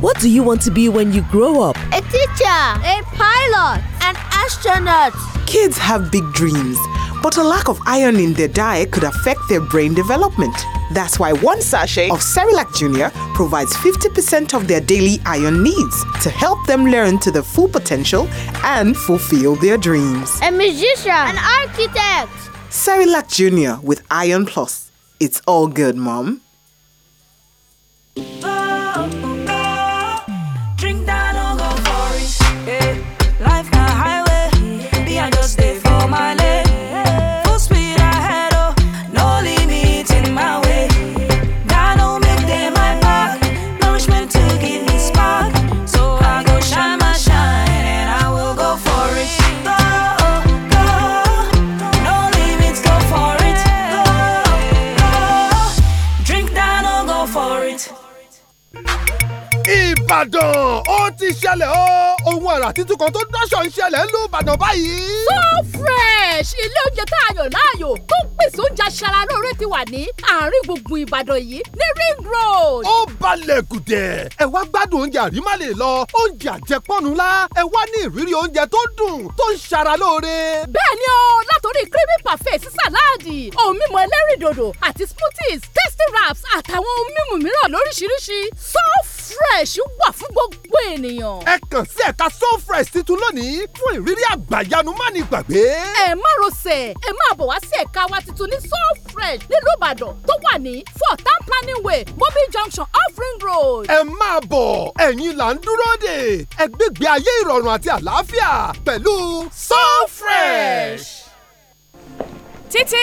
What do you want to be when you grow up? A
teacher, a pilot, an astronaut.
Kids have big dreams, but a lack of iron in their diet could affect their brain development. That's why one sachet of Cerilac Junior provides 50% of their daily iron needs to help them learn to their full potential and fulfill their dreams.
A musician, an architect.
Cerilac Junior with Iron Plus. It's all good, Mom.
Oh.
ìbàdàn ó ti ṣẹlẹ̀ o ohun àrà títún kan tó dáṣọ ń ṣẹlẹ̀ ń lu Ìbàdàn báyìí. so
fresh ilé oúnjẹ tá a yàn láàyò tó ń pèsè oúnjẹ aṣaralóore ti wà ní àárín gbùngbùn Ìbàdàn yìí ní ring road. ó balẹ̀ kùtẹ̀ ẹ wá gbádùn oúnjẹ
àrímá lè lọ oúnjẹ àjẹpọ́nu la ẹ wá ní ìrírí oúnjẹ tó dùn tó ń ṣaralóore.
bẹ́ẹ̀ ni o látòrí creamy parfait sí sàláàdì ohun mímu ẹlẹ́rìndòdò àti smoothies tasty wraps àtàwọn ohun mímu mìíràn lóríṣiríṣi so fresh wà fún gbogbo ènìyàn.
ẹ kàn sí ẹ̀ka ta so fresh titun lónìí fún ìrírí àgbàyanu má ní
gbàgbé.
ẹ má rọsẹ̀ ẹ máa bọ̀ wá sí ẹ̀ka wa titun ní so fresh nílùú ìbàdàn tó wà ní four town planning way mobil junction off ring road. ẹ
máa bọ̀
ẹ̀yin
là ń dúró de ẹgbẹ́gbẹ́ ayé ìrọ̀rùn àti àlàáfíà pẹ̀lú so fresh.
títí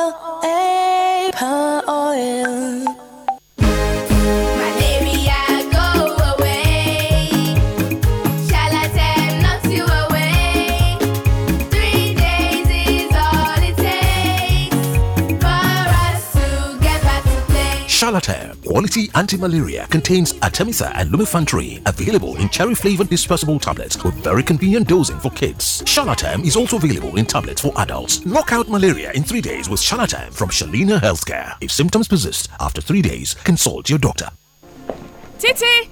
oil, paper oil.
Charlatan Quality Anti-Malaria contains Artemisa and Lumefantrine, available in cherry-flavored dispersible tablets with very convenient dosing for kids. Charlatan is also available in tablets for adults. Knock out malaria in three days with Charlatan from Shalina Healthcare. If symptoms persist after three days, consult your doctor.
Titi!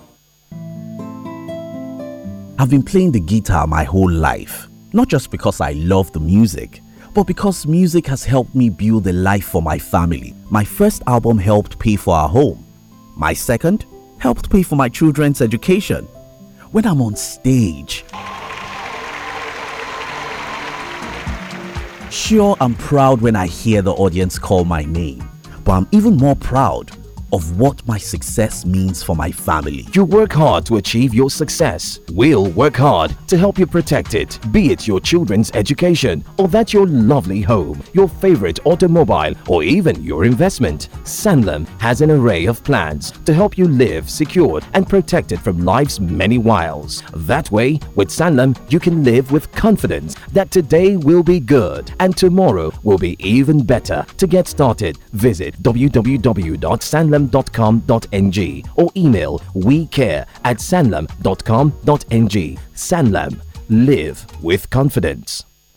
I've been playing the guitar my whole life, not just because I love the music, but because music has helped me build a life for my family. My first album helped pay for our home. My second helped pay for my children's education. When I'm on stage, sure, I'm proud when I hear the audience call my name, but I'm even more proud
of what my success means for my family. You work hard to achieve your success. We'll work hard to help you protect it, be it your children's education or that your lovely home, your favorite automobile, or even your investment. Sanlam has an array of plans to help you live secured and protected from life's many wiles. That way, with Sanlam, you can live with confidence that today will be good and tomorrow will be even better. To get started, visit www.sanlam.com sanlam.com.ng or email we care at sanlam.com.ng. Sanlam. Live with confidence.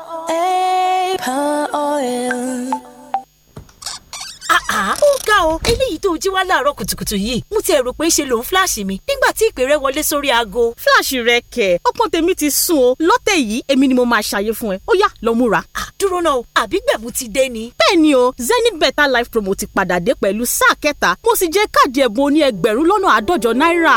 LA
ah, Oil. Ah. ó ga ọ eléyìí tó jí wá láàárọ̀ kùtùkùtù yìí mo ti ẹ̀ rò pé ṣe lòun fíláàṣì mi nígbà tí ìpè rẹ wọlé sórí aago. fíláàṣì rẹ kẹ̀ ọpọ́n tèmi ti sùn o lọ́tẹ̀ yìí èmi ni mo máa ṣàyè fún ẹ ó yá lọ múra. Ah, dúró náà àbí gbẹ̀bù ti dé ni. bẹ́ẹ̀ o zenith better life promo ti padà dé pẹ̀lú sáà kẹta mo sì jẹ́ káàdì ẹ̀bùn oní ẹgbẹ̀rún lọ́nà àádọ́jọ náírà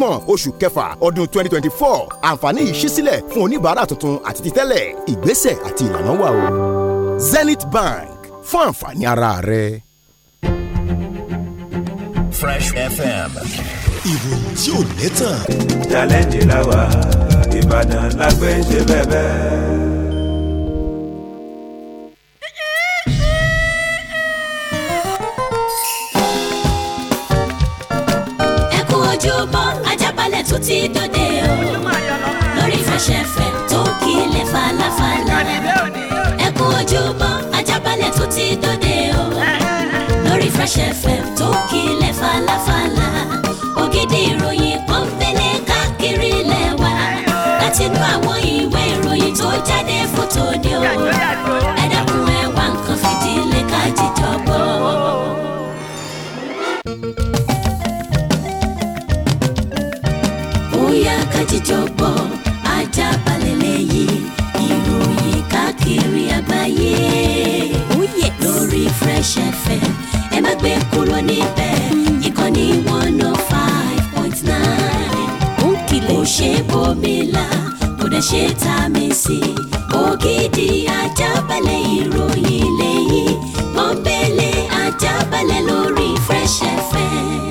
ọgbọ̀n oṣù kẹfà ọdún twenty twenty four àǹfààní yìí ṣí sílẹ̀ fún oníbàárà tuntun àti títẹ́lẹ̀ ìgbésẹ̀ àti ìlànà wà o. Zenith Bank fún àǹfààní ara rẹ.
Fresh FM ìròyìn tí ò lẹ́tàn. challenge la Ìbàdàn la bẹ́ẹ̀ bẹ́ẹ̀.
ojúbọ ajábalẹ̀ tó ti dòde o lórí fẹsẹ̀fẹ̀ tó kílẹ̀ falafala ẹ kú ojúbọ ajábalẹ̀ tó ti dòde o lórí fẹsẹ̀fẹ̀ tó kílẹ̀ falafala ògidì ìròyìn kan fẹlẹ̀ káàkiri lẹ́wà láti inú àwọn ìwé ìròyìn tó jáde fótó ni o ẹ dákun nǹkan fìdílé ká jíjọ gbọ́. ajíjọpọ̀ ajábalẹ̀ lẹ́yìn ìròyìn káàkiri àgbáyé. Ó oh, yẹ lórí Fresh FM ẹ má gbé kúrò níbẹ̀ ìkànnì one oh five point nine. Ó kìlẹ̀ kò ṣe bómi la kò dẹ̀ ṣe tá a mi sí. Ògidì ajábalẹ̀ ìròyìn lẹ́yìn pọ́npẹ́lẹ́ ajábalẹ̀ lórí Fresh FM.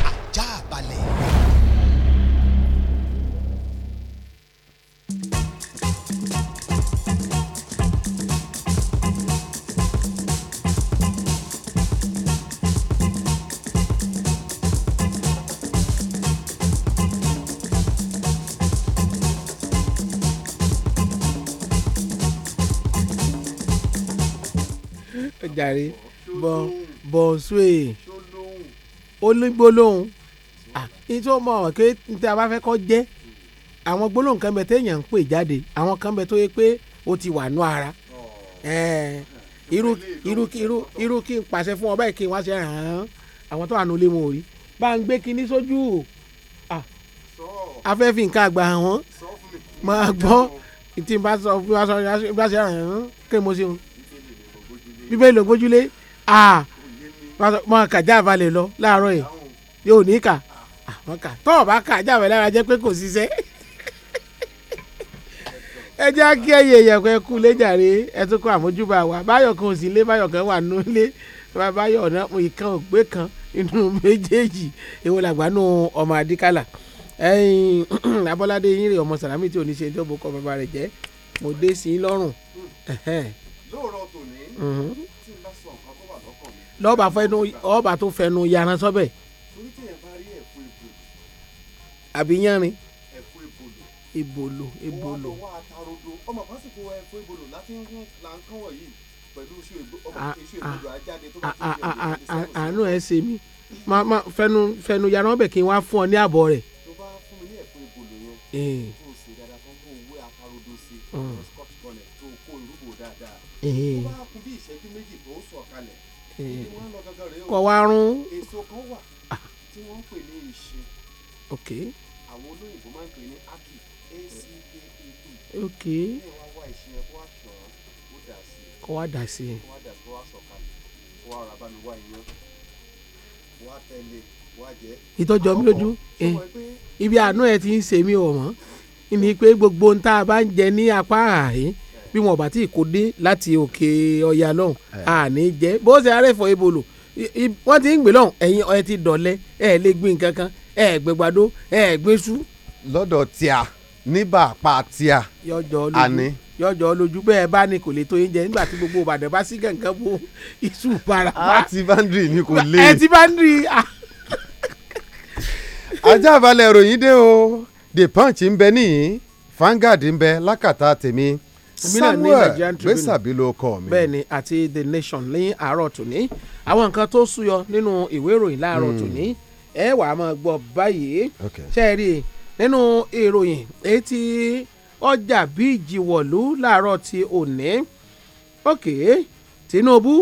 jàre bọ́n bọ́n sóè onígbólóhùn ìtú ọmọ ọ̀kẹ́ tí a bá fẹ́ kọ́ jẹ́ àwọn gbólóhùn kan bẹ téèyàn ń pè jáde àwọn kan bẹ tó yẹ pé ó ti wà nú ara irú irú irú irú kí n pàṣẹ fún ọ báyìí kí n wá ṣe hàn án àwọn tó wà nulẹ̀ wọn ò rí bá ń gbé kinní sójú afẹ́fì nǹkan àgbà wọn máa gbọ́ tí n bá sọ fún wa sọ bí wọ́n ṣe hàn án kí n mo ṣe hàn án bíbélì ogójúlé máa kàjá àbálẹ̀ lọ láàárọ̀ yìí yóò ní kà àwọn kà tọ́ ọ̀ bá kà já jáwé lára jẹ́ pé kò ṣiṣẹ́ ẹ jẹ́ kí ẹyẹ ìyẹ̀kọ́ ẹ kú léjàre ẹ tún kọ́ àmójúbà wa báyọ̀ kan ò sí ilé báyọ̀ kan wà nínú ilé báyọ̀ náà ìkan ò gbé kan inú méjèèjì èwo làgbà nù ọmọ àdìkálà ẹ̀yin abọ́ládé yín rè ọmọ sàlámì tí ò ní ṣe tó bó kọ́ bàbá rẹ̀ jẹ́ mo dé sí i lọ́rùn.
lóòrọ̀ tòní
lọ́ọ̀bà fẹnu ọ̀bà tó fẹnu yàrá sọ́bẹ̀ àbí yánrin ebolo ebolo. ebolo ebolo ajáde tó bá tún yẹ kó. àánú ẹ ṣe mí máa máa fẹnu fẹnu ọbẹ̀ kí n wá fún ọ ní àbọ̀ rẹ̀. tó
o ṣe dáadáa fún kó o kọ wá rún. èso kan wà tí wọ́n ń pè ní ìṣe. ok. àwọn olóyìnbó máa ń pè ní aki acap. E e. ok. kọ wá dà sí i. kọ wá dà sí i kọ wá sọ̀kalẹ̀ kọ wá rà bá mi wá iyán kọ wá tẹ̀lé ìtọ́jọ́ mi lójú
ibi àánú ẹ̀ ti ń ṣe mí ọ̀wọ́n ni pé gbogbo ohun tá a bá ń jẹ ní apá àárín bí wọn ò bá tí ì kó dé láti òkè ọya lọ́hùn àní eh. jẹ́ bó ṣe arẹ́fọ̀ ebolo wọ́n ti ń gbé lọ́hùn ẹ̀yin ẹ ti dọ̀lẹ́ ẹ lè gbin nǹkan kan ẹ gbẹ gbàdo ẹ gbé sú. lọ́dọ̀ tíà níbà pa tíà àní yọjọ lójú bẹ́ẹ̀ bá ní kò lè tó yín jẹ nígbà tí gbogbo Ìbàdàn bá sí gàngán bo
iṣu
parapa. àti bandri ni kò lè. ẹ ti bandri. ajá balẹ̀ ròyìn dé o The Punch ń bẹ níyìn Vanguard ń bẹ lákàtà tèmi samuel gbèsàbí ló kọ mi.
bẹ́ẹ̀ni àti the nation ní àárọ̀ tòní àwọn nǹkan tó súyọ nínú ìwé ìròyìn láàárọ̀ hmm. tòní ẹ wà á máa gbọ́ báyìí ṣe é rí i nínú ìròyìn etí ọjà bíi ìjìwọ̀lú láàárọ̀ ti òní òkè Tinubu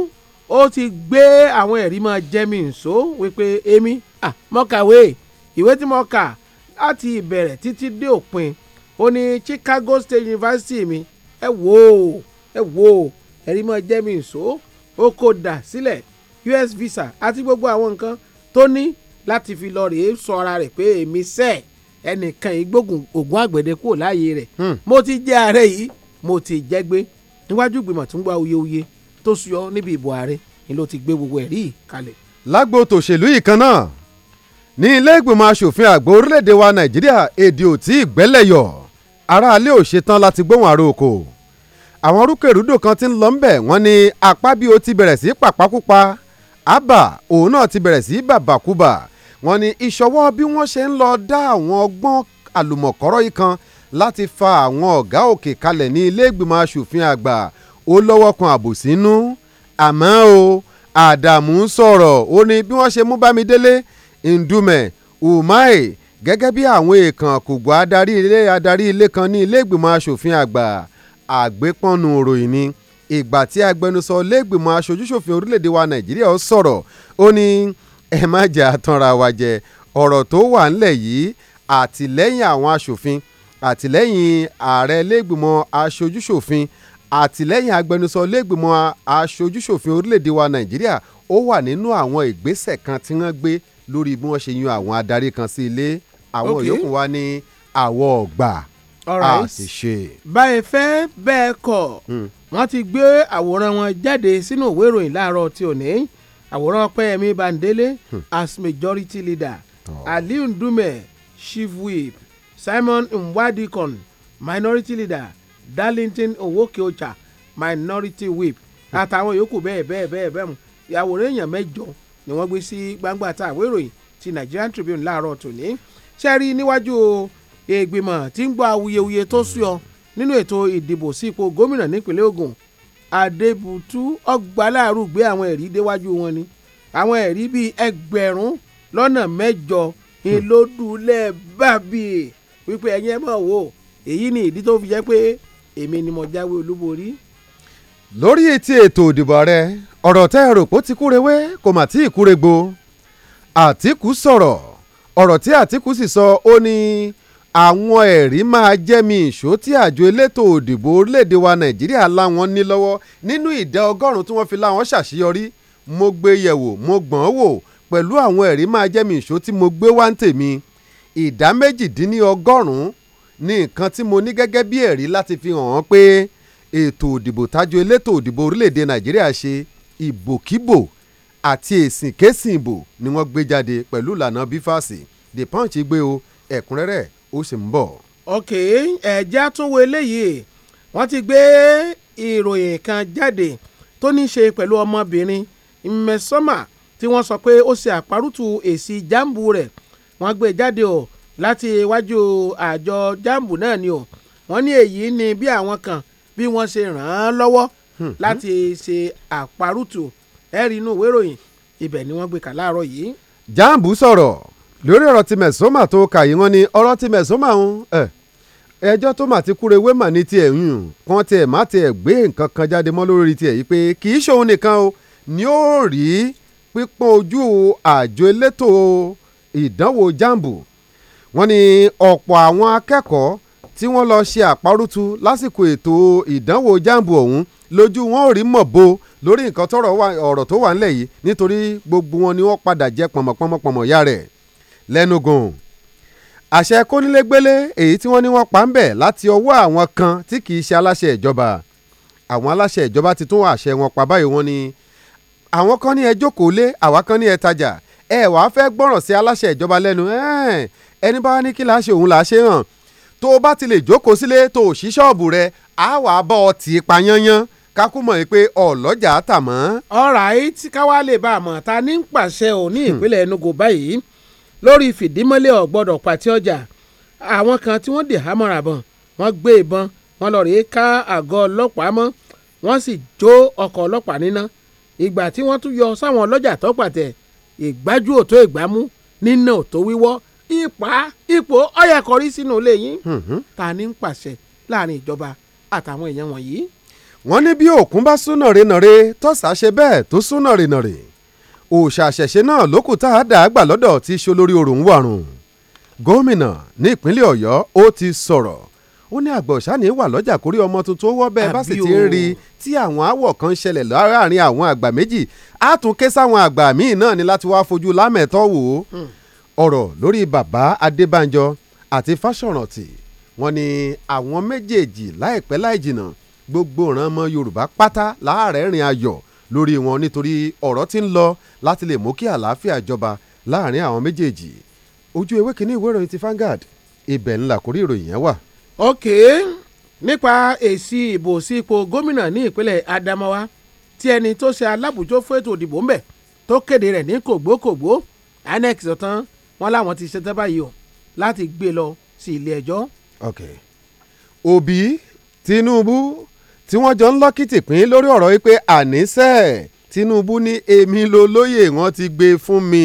ó ti gbé àwọn ẹ̀rí máa jẹ́mi nsó wípé èmi mo kàwé ìwé tí mo kà láti ìbẹ̀rẹ̀ títí dé òpin ó ní Chicago State University mi ẹ wò ó ẹ wò ó ẹ̀rí mọ́ jẹ́ mi ìṣó ó kò dà sílẹ̀ US visa àti gbogbo àwọn nǹkan tó ní láti fi lọ rèé sọ ara rẹ̀ pé èmi sẹ́ẹ̀ ẹnìkan ìgbógun ògùn àgbẹ̀dẹ kúrò láàyè rẹ̀ hmm. mo ti jẹ́ ààrẹ yìí mo ti jẹ́ gbé níwájú ìgbìmọ̀ tó ń gba oyèoyè tó suyọ níbi ìbò ààrẹ
ni ló ti gbé gbogbo ẹ̀rí yìí kalẹ̀. lágbo tòṣèlú yìí kan náà ní ilé ìgbìmọ̀ asòfin àgbà orílẹ̀-èdè wa nàìjíríà èdè ò tí ì gbẹ́lẹ̀ yọ̀ aráalé ò ṣetán láti gbóhùn àrò òkò àwọn rúkèrúdò kan ti ń lọ ńbẹ̀ wọ́n ní apá bí ó ti bẹ̀rẹ̀ sí pàpákúpa àbà òun náà ti bẹ̀rẹ̀ sí bàbàkúbà wọ́n ní ìṣọwọ́ bí wọ́n ṣe ń lọ dá àwọn ọgbọ́n àlùmọ̀kọ́rọ́ yìí kan láti fa àwọn ọ̀gá òkè kalẹ̀ ní ilé asòfin àgbà ó lọ́wọ́ kan àbòsí nú àmọ́ o Àdàmú sọ̀rọ̀ ó ní bí wọ́n ṣe mú Bámidélé Ndúmẹ̀ Umahi gẹ́gẹ́ bí àwọn èèkàn kògbó adarí ilé adarí ilé kan ní iléègbìmọ̀ asòfin àgbà àgbépọ́nù òròyìn ni ìgbà tí agbẹnusọ iléègbìmọ̀ asojúṣòfin orílẹ̀-èdè wa nàìjíríà ó sọ̀rọ̀ ó ní ẹ má jẹ́ àtànra wa jẹ ọ̀rọ̀ tó wà ńlẹ̀ yìí àtìlẹ́yìn àwọn asòfin àtìlẹ́yìn ààrẹ iléègbìmọ̀ asojúṣòfin àtìlẹ́yìn agbẹnusọ iléègbìmọ̀ asojúṣòfin orílẹ̀-èdè wa nàìjíríà ó wà nínú àwọn ìgbésẹ̀ kan tí wọ́n gbé lórí bí wọ́n ṣe yan àwọn adarí kan sí ilé àwọn yòókù wa ní àwọ̀ ọ̀gbà a sì ṣe.
báyìí fẹ́ bẹ́ẹ̀ kọ̀ hmm. wọ́n ti gbé àwòrán wọn jáde sínú ìwé ìròyìn láàárọ̀ tí ò ní àwòrán ọpẹ́yẹmí bandele hmm. as majority leader oh. aliu ndume chief whip simon nwadikon minority leader darlington owokiocha minority whip hmm. àtàwọn yòókù bẹ́ẹ̀ bẹ́ẹ̀ bẹ́ẹ̀ bẹ́ẹ̀ mu àwòrán èèyàn mẹ́jọ ni wọ́n gbé sí gbangba ta àwéròyìn ti Nigerian Tribune láàárọ̀ tòní ṣẹ́rí níwájú ìgbìmọ̀ tí ń gbọ́ awuyewuye tó sú ọ nínú ètò ìdìbò sí ipò gómìnà nípínlẹ̀ Ògùn Adébùtú ọgbàláàrú gbé àwọn ẹ̀rí déwájú wọn ni àwọn ẹ̀rí bíi ẹgbẹ̀rún lọ́nà mẹ́jọ ìlódùlẹ̀ hmm. bàbí wípé ẹ̀yin ẹ̀ mọ̀ wò èyí ni ìdí tó fi jẹ́ pé èmi ni mo jáwé olúborí
lórí etí ètò òdìbò ààrẹ ọ̀rọ̀ tẹ́ ẹ̀rọ pó ti kúrewé kò mà tí ì kúregbò Àtìkù sọ̀rọ̀ ọ̀rọ̀ tí Àtíkù sì sọ ó ní àwọn ẹ̀rí máa jẹ́ mi ìṣó tí àjọ elétò òdìbò orílẹ̀-èdè wa Nàìjíríà láwọn ní lọ́wọ́ nínú ìdá ọgọ́rùn-ún tí wọ́n fi láwọn ṣàṣeyọrí mo gbé e yẹ̀wò mo gbọ́n wò pẹ̀lú àwọn ẹ̀rí máa jẹ́ mi ìṣó tí mo gbé wá ń tèmi ìdá méjìdínlọ́gọ́rùn-ún ní nǹkan tí mo ní gẹ́gẹ́ bí ẹ̀rí láti fi hàn án pé ètò òdìbò tájọ elétò òdìbò orílẹ̀-èdè Nàìjíríà ṣe ìbòkíbò àti èsìn késìn ìbò ni wọ́n gbé jáde pẹ̀lú ìlànà bífàsì the punch gbé o ẹ̀kúnrẹ́rẹ́ ó sì ń bọ̀. ok ẹ̀já tún wo eléyìí
wọ́n ti gbé ìròyìn kan jáde tó ní í ṣe pẹ̀lú ọmọbìnrin mmesoma tí wọ́n sọ pé ó ṣe àparùtù èsì jambu rẹ̀ wọ́n gbé e jáde o láti iwájú àjọ jambu náà ni o wọ́n ní èyí ni bí àwọn kan bí wọ́n ṣe ràn án lọ́wọ́ hmm. láti ṣe àparùtù. Hmm ẹ̀rí inú ìwé ìròyìn ibẹ̀ ni wọ́n gbé kà láàárọ̀ yìí.
jambu sọ̀rọ̀ lórí ọ̀rọ̀ tí mẹ̀sọ́mà tó kà yìí wọ́n ní ọ̀rọ̀ tí mẹ̀sọ́mà ń ẹjọ́ tó mà ti kúre wémà ní tiẹ̀ ń kàn tiẹ̀ má tiẹ̀ gbé nǹkan kan jáde mọ́ lórí tiẹ̀ yìí pé kì í ṣòun nìkan o ni ó rí pípọ́n ojú àjọ elétò ìdánwò jambu wọ́n ní ọ̀pọ̀ àwọn akẹ́kọ̀ọ́ tí wọ́n lọ ṣe àparùtù lásìkò ètò ìdánwò jambu ọ̀hún lójú wọn ò rí mọ̀ bo lórí nǹkan tọrọ ọ̀rọ̀ tó wà ńlẹ̀ yìí nítorí gbogbo wọn ni wọ́n padà jẹ́ pọ̀mọ̀pọ̀mọ̀pọ̀mọ̀ ya rẹ̀ lẹ́nugan àṣẹ kónílégbélé èyí tí wọ́n ní wọ́n pa ń bẹ̀ láti ọwọ́ àwọn kan tí kì í ṣe aláṣẹ ìjọba àwọn aláṣẹ ìjọba ti tún àṣẹ wọn pa báyìí wọ́n ní àwọn kan ní ẹ jókòó lé àwa kan ní ẹ tajà ẹ wàá fẹ́ gbọ́ràn sí aláṣẹ ìjọba lẹ́nu ẹni bá ní kí láṣẹ òun làá ṣe hàn tó o bá ti lè jókòó sílé tó o ṣí ṣọ́ọ̀bù rẹ á wà á bọ́ ọ tì í pa yányán kakú mọ̀ pé ọlọ́jà tà mọ́.
ọ̀ráì tí káwá lè bá a mọ̀ ta ní pàṣẹ ò ní hmm. ìpínlẹ̀ Enugu báyìí lórí fìdímọ́lẹ̀ ọ̀gbọ́dọ̀ pàtí ọjà àwọn kan tí wọ́n dè hámọ́ra bọ̀ wọ́n gbé ìbọn wọ́n lọ rèé ká àgọ́ ọlọ́pàá mọ́ wọ́n sì jó ọkọ̀ ọlọ́pàá níná ìgbà tí wọ́n tún yọ sáwọn ọlọ́jà tó ìgbájú òtó ìgbámú nínà òtó wíwọ́ ipa ipò ọ̀yẹ̀kọ̀rí sínú ilé yín mhm. ta ni ń pàṣẹ láàrin ìjọba àtàwọn èèyàn wọ̀nyí.
wọ́n ní bí òkun bá sún nàrenàre tọ́sà ṣe bẹ́ẹ̀ tó sún nàrenàre òòṣà àṣẹ̀ṣe náà lókù tá a dà á gbà lọ́dọ̀ tí í ṣe olórí orò ń wọ̀rùn gómìnà ní ìpínlẹ̀ ọ̀yọ́ ó ti sọ̀rọ̀ ó ní àgbà ọ̀sánì wà lọ́jà kórí ọmọ tuntun wọ́ bẹ́ẹ̀ bá sì ti ń rí tí àwọn aáwọ̀ kan ṣẹlẹ̀ láàárín àwọn àgbà méjì á tún ké sáwọn àgbà míì náà ni láti wá fojú lámẹ̀tọ́ wò ó. Hmm ọ̀rọ̀ lórí bàbá Adébánjọ àti Fáṣọ̀rántì wọ́n ní àwọn méjèèjì láìpẹ́ láìjìnà gbogbo ìran ọmọ Yorùbá pátá láàrẹ̀ rìn ayọ̀ lórí wọn nítorí ọ̀rọ̀ tí ń lọ láti lè mú kí àlàáfíà jọba láàrin àwọn méjèèjì ojú ewé kínní ìwé ìròyìn ti Vanguard ibẹ̀ ńlá kórí ìròyìn yẹn wà. ok nípa
èsì ìbò sí ipò gómìnà ní ìpínlẹ̀ Adamawa tí ẹni tó ṣe alábùjọ fún ètò ìdìbò ńbẹ tó kéde rẹ̀ ní kògbókògbó annex ọ̀tán wọ́n láwọn ti ṣetán báyìí o láti gbé e lọ sí ilé ẹjọ́.
ok òbí tinubu tí wọ́n jọ ń lọ́kìtì pín lórí ọ̀rọ̀ wípé àníṣe tinubu ni èmi ló lóye wọ́n ti gbé fún mi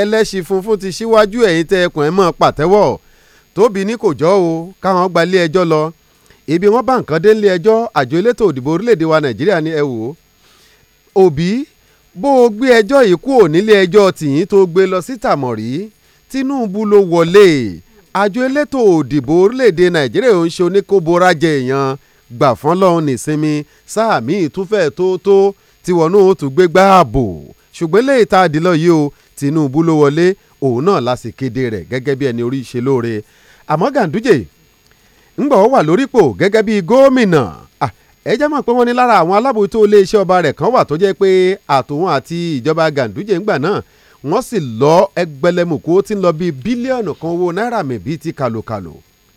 ẹlẹ́sìn funfun ti síwájú ẹ̀yìn tẹ ẹkùn ẹ̀ mọ́ pàtẹ́wọ̀ tóbi ní kò jọ́ o káwọn gba ilé ẹjọ́ lọ ibi wọ́n bá nǹkan dé ilé ẹjọ́ àjọ elétò òdìbò orílẹ̀-èdè wa nàìjíríà ní ẹ wò ó òbí bó o gbé ẹjọ́ yìí kúrò nílé ẹjọ́ tìyín tó gbé lọ sí tàmọ̀rí Tinubu ló wọlé àjọ elétò òdìbò orílẹ̀‐èdè Nàìjíríà ò ń ṣe oníkóbora jẹ èèyàn gbà fún lọ́hùn nísinmi sáà míì túfẹ̀ tó tó tiwọn náà ó tún gbé gbá ààbò ṣùgbọ́n eléyìí tá a dì lọ yìí o Tinubu ló wọlé òun náà la sì kéde rẹ̀ gẹ́gẹ́ bí ẹni orí ṣe lóore àmọ́ Ganduje ńgbà ó wà lórípò gẹ́gẹ́ bí gómìnà ẹ jẹ́ mọ̀ pé wọ́n ní lára àwọn alábòójútó iléeṣẹ́ ọba rẹ̀ kan wà tó jẹ́ pé àtòun àti ìjọba Ganduje ńgbà náà wọ́n sì lọ ẹgbẹ̀lẹ́mùkú ó ti ń lọ bíi bílíọ̀nù kan owó náírà mi bíi ti kàlòkàlò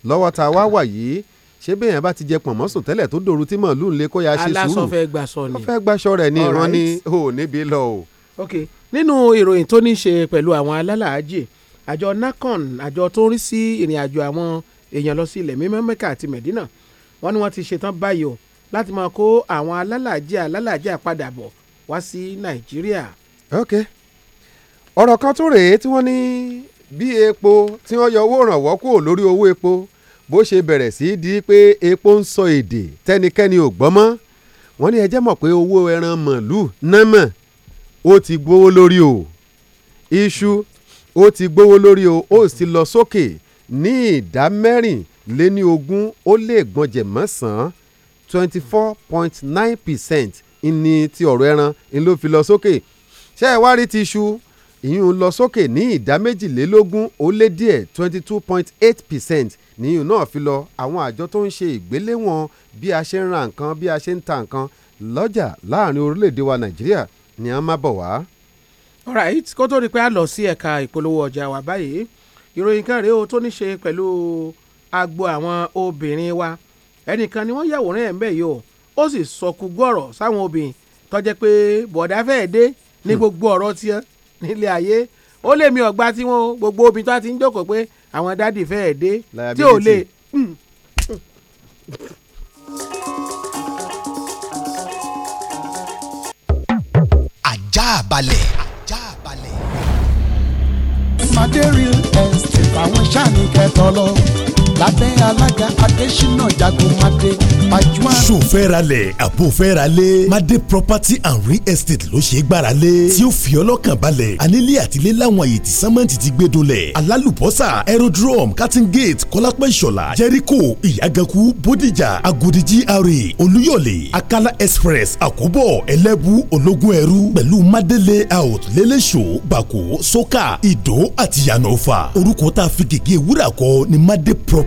lọ́wọ́ tá a wá wà yìí ṣé bẹ́ẹ̀ bá ti jẹ pọ̀nmọ́ sùn tẹ́lẹ̀ tó dòru tí mọ̀ lù ń lé kó ya ṣe sùúrù aláṣọ fẹ́ gbaṣọ ni fẹ́ gbaṣọ rẹ̀ ni ìran ni o níbi lọ o.
ok nínú ìròyìn tó ní í ṣe pẹ̀lú àwọn alálàájì àjọ NACON àjọ tó ń rí sí ìrìn àjò àwọn èèyàn lọ sí ilẹ̀ mímọ́ Mẹ́kà àti Mẹ̀dínà wọ́n ní wọ́n ti ṣetán báyìí láti máa kó àwọn alálàájì alálàájì padà wá sí Nàìjíríà.
ok ọ̀rọ̀ kan tó rèé tí wọ́n ní bí epo tí wọ́n yọ owó ìrànwọ́ kúrò lórí owó epo bó ṣe bẹ̀rẹ̀ sí di pé epo ń sọ èdè tẹ́nikẹ́ni ò gbọ́ mọ́ wọ́n ní ẹjẹ́ mọ̀ pé owó ẹran màlúù námọ̀ ó ti gbówó lórí o iṣu ó ti gbówó lórí o ó sì lọ sókè ní ìdá mẹ́rìnléní ogún ó lé gbọ́njẹ̀ mọ́sàn-án twenty four point nine percent ní ti ọ̀rọ̀ ẹran ni ló fi lọ sókè ṣé ẹ wá rí ti iṣu ìyún lọ sókè ní ìdá méjìlélógún ó lé díẹ̀ twenty two point eight percent níyùn náà fi lọ àwọn àjọ tó ń ṣe ìgbéléwọ̀n bí a ṣe ń ra nǹkan bí a ṣe ń ta nǹkan lọ́jà láàrin orílẹ̀-èdè wa nàìjíríà ni a máa bọ̀ wá. alright kó tó di pé a lọ sí ẹ̀ka ìpolówó ọjà wa báyìí ìròyìn
kan rèé o tó ní ṣe pẹ̀lú agbo àwọn obìnrin wa ẹnìkan ni wọ́n yàwòrán ẹ̀ mbẹ́ yìí o ó sì sọkú gbọ́rọ̀ sáwọn obìnrin tó pé bọ̀dá fẹ́ẹ́ dé ní hmm. gbogbo ọ̀rọ̀ tiẹ̀ nílé ayé ó lè mi ọ̀gbá tí wọ́n gbogbo obì tó ti ń jókòó pé àwọn dádì fẹ́ẹ̀ dé tí ò lè.
ajá balẹ̀. màdé real estate
àwọn sáà ní kẹtọ lọ lábẹ́ alága adésínà jagun máde
pajúwa. sòfẹ́ralẹ̀ àbòfẹ́ralẹ̀ máde property and real estate ló ṣe é gbára lé tí ó fi ọlọ́kàn balẹ̀ anílé àtìlé láwọn àyè tí sẹ́mẹ́ǹtì ti gbé dolẹ̀ alálùbọ́sà aerodrome cutting gate kọ́lápẹ́ ìṣọ̀lá jẹ́ríkò ìyàgànkù bódìjà agodi gra olúyọ̀lé akala express àkóbọ̀ ẹlẹ́bù ológun ẹrú pẹ̀lú máde layout lẹ́lẹ́ṣọ́ bàkó sọ́kà ìdó àti yànnọ́fà orúkọ tá a fi gègé ni máde property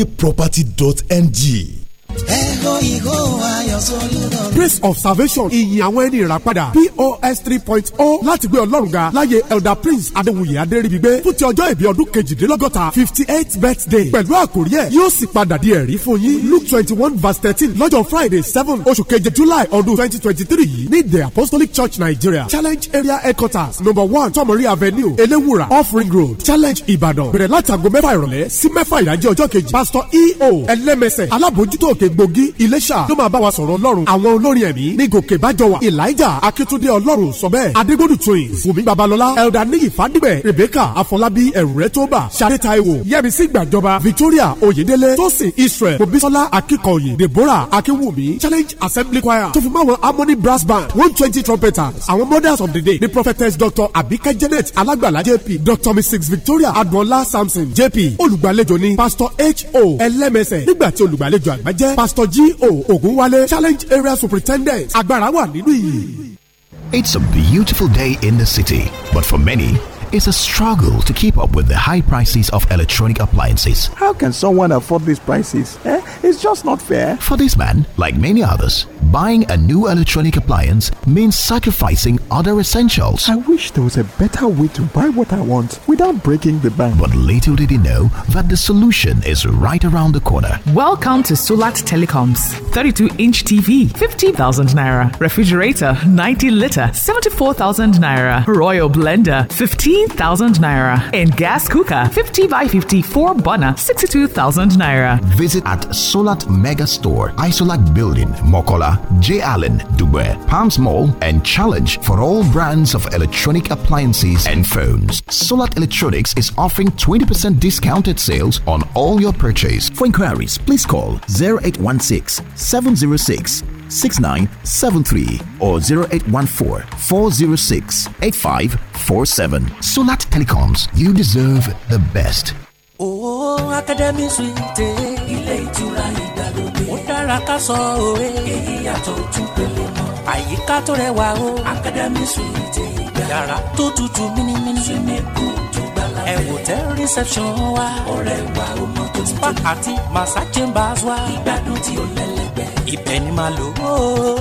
holiday property dot ng Grace of Salvation ìyìn àwọn ẹni ìràpadà POS three point o oh,
láti gbé Ọlọ́run ga láyé Elder Prince Adéwuyè Adéríbigbé fún ti ọjọ́ ìbí ọdún kejìdínlọ́gọ́ta fifty eight birthday pẹ̀lú àkórí ẹ̀ yóò sì padà di ẹ̀rí fún yín Luke twenty one verse thirteen lọ́jọ́ Friday seven oṣù keje July ọdún twenty twenty three yìí ní The Apostolic Church Nigeria Challenge Area Headquarters number one Tomori Avenue Elewura Offering Road Challenge Ìbàdàn bẹ̀rẹ̀ láti aago mẹ́fà ìrọ̀lẹ́ sí mẹ́fà ìdájẹ́ ọjọ́ kejì Pastor E.O. ẹlẹ́mẹsẹ̀ alábòjútó òkègbògi iléṣà ló máa bá wa sọ̀rọ̀ ọlọ́run àwọn olórin ẹ̀mí ní gòkè bájọ wà elijah akitunde ọlọ́run sọ bẹ́ẹ̀ adégúndù twins wùmí babalọ́lá elda níyì fádìbẹ̀ rebecca afọlábí ẹ̀rùrẹ́ tó bà sade taiwo yẹ́misí gbàjọba victoria Oyedele. tosin israel mobisola akikọ̀yìn deborah akiwumi challenge assembly choir tó fi mọ́ harmony brass band one twenty trumpeters àwọn mothers of the day the prophetess dr abike janet alágbàlá jp dr mrs victoria adunola samson jp olùgbàlejò ni pastor h o ẹlẹ́mẹsẹ̀ nígbà tí olùgbàlejò àgbà jẹ́ pastor g o ogunwale
challenge area superintendent agbára wà nínú iyì. It's a beautiful day in the city, but for many, it's a struggle to keep up with the high prices of electronic appliances. How can someone afford these prices? Eh? It's just not fair. For this man, like many others, Buying a new electronic appliance means sacrificing other essentials. I wish there was a better way to buy what I want without breaking the bank. But little did he know that the solution is right around the corner. Welcome to Sulat Telecoms. 32
inch TV, 50,000 naira. Refrigerator, 90 liter, 74,000 naira. Royal blender, 15,000 naira. And gas cooker, 50 by 54
burner, 62,000 naira. Visit at Solat Mega Store, Isolat Building, Mokola, J. Allen, Dubai, Palms Mall, and Challenge for all brands of electronic appliances and phones. Solat Electronics is offering 20% discounted sales on all your purchase. For inquiries, please call 0816 706 6973 or 0814 406 8547. Solat Telecoms, you deserve the best.
Oh, Academy Suite. Eh? Ilé dára ká sọ òwe. èyí yàtọ̀ ojú pele mọ́. àyíká tó rẹwà o. akademi suwite ìgbà. yàrá tó tutù mímímí. sinimu tó gbala fẹ́. ẹ wò tẹ wa. ọ̀rẹ́ wa o mọ tó ti tó. spa àti massa chambers wa. ìgbádùn tí o lẹ́lẹ́ lẹ́lẹ́gbẹ́ ibẹ̀ ni màá lò
ó.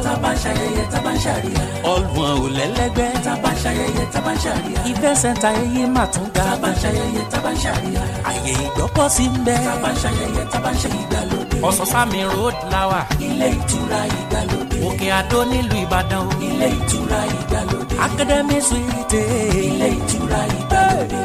tábà ń ṣayẹyẹ tábà ń ṣàríyá.
ọlùwọ̀n ò lẹ́lẹ́gbẹ́. tábà ń ṣayẹyẹ tábà ń ṣàríyá. ìfẹ́ sẹ́ńtà ẹyẹ mà tún ga. tábà ń ṣayẹyẹ tábà ń ṣàríyá. àyè ìgbọ́pọ̀ sí ń bẹ. tábà ń ṣayẹyẹ tábà ń ṣe ìgbàlódé. ọ̀sánsámi road lawa. ilé ìtura ìgbàlódé. òkè àdó nílùú ìbàdàn o. ilé ìtura ìgbàlódé. academy
suite. ilé ìtura ìgbàlódé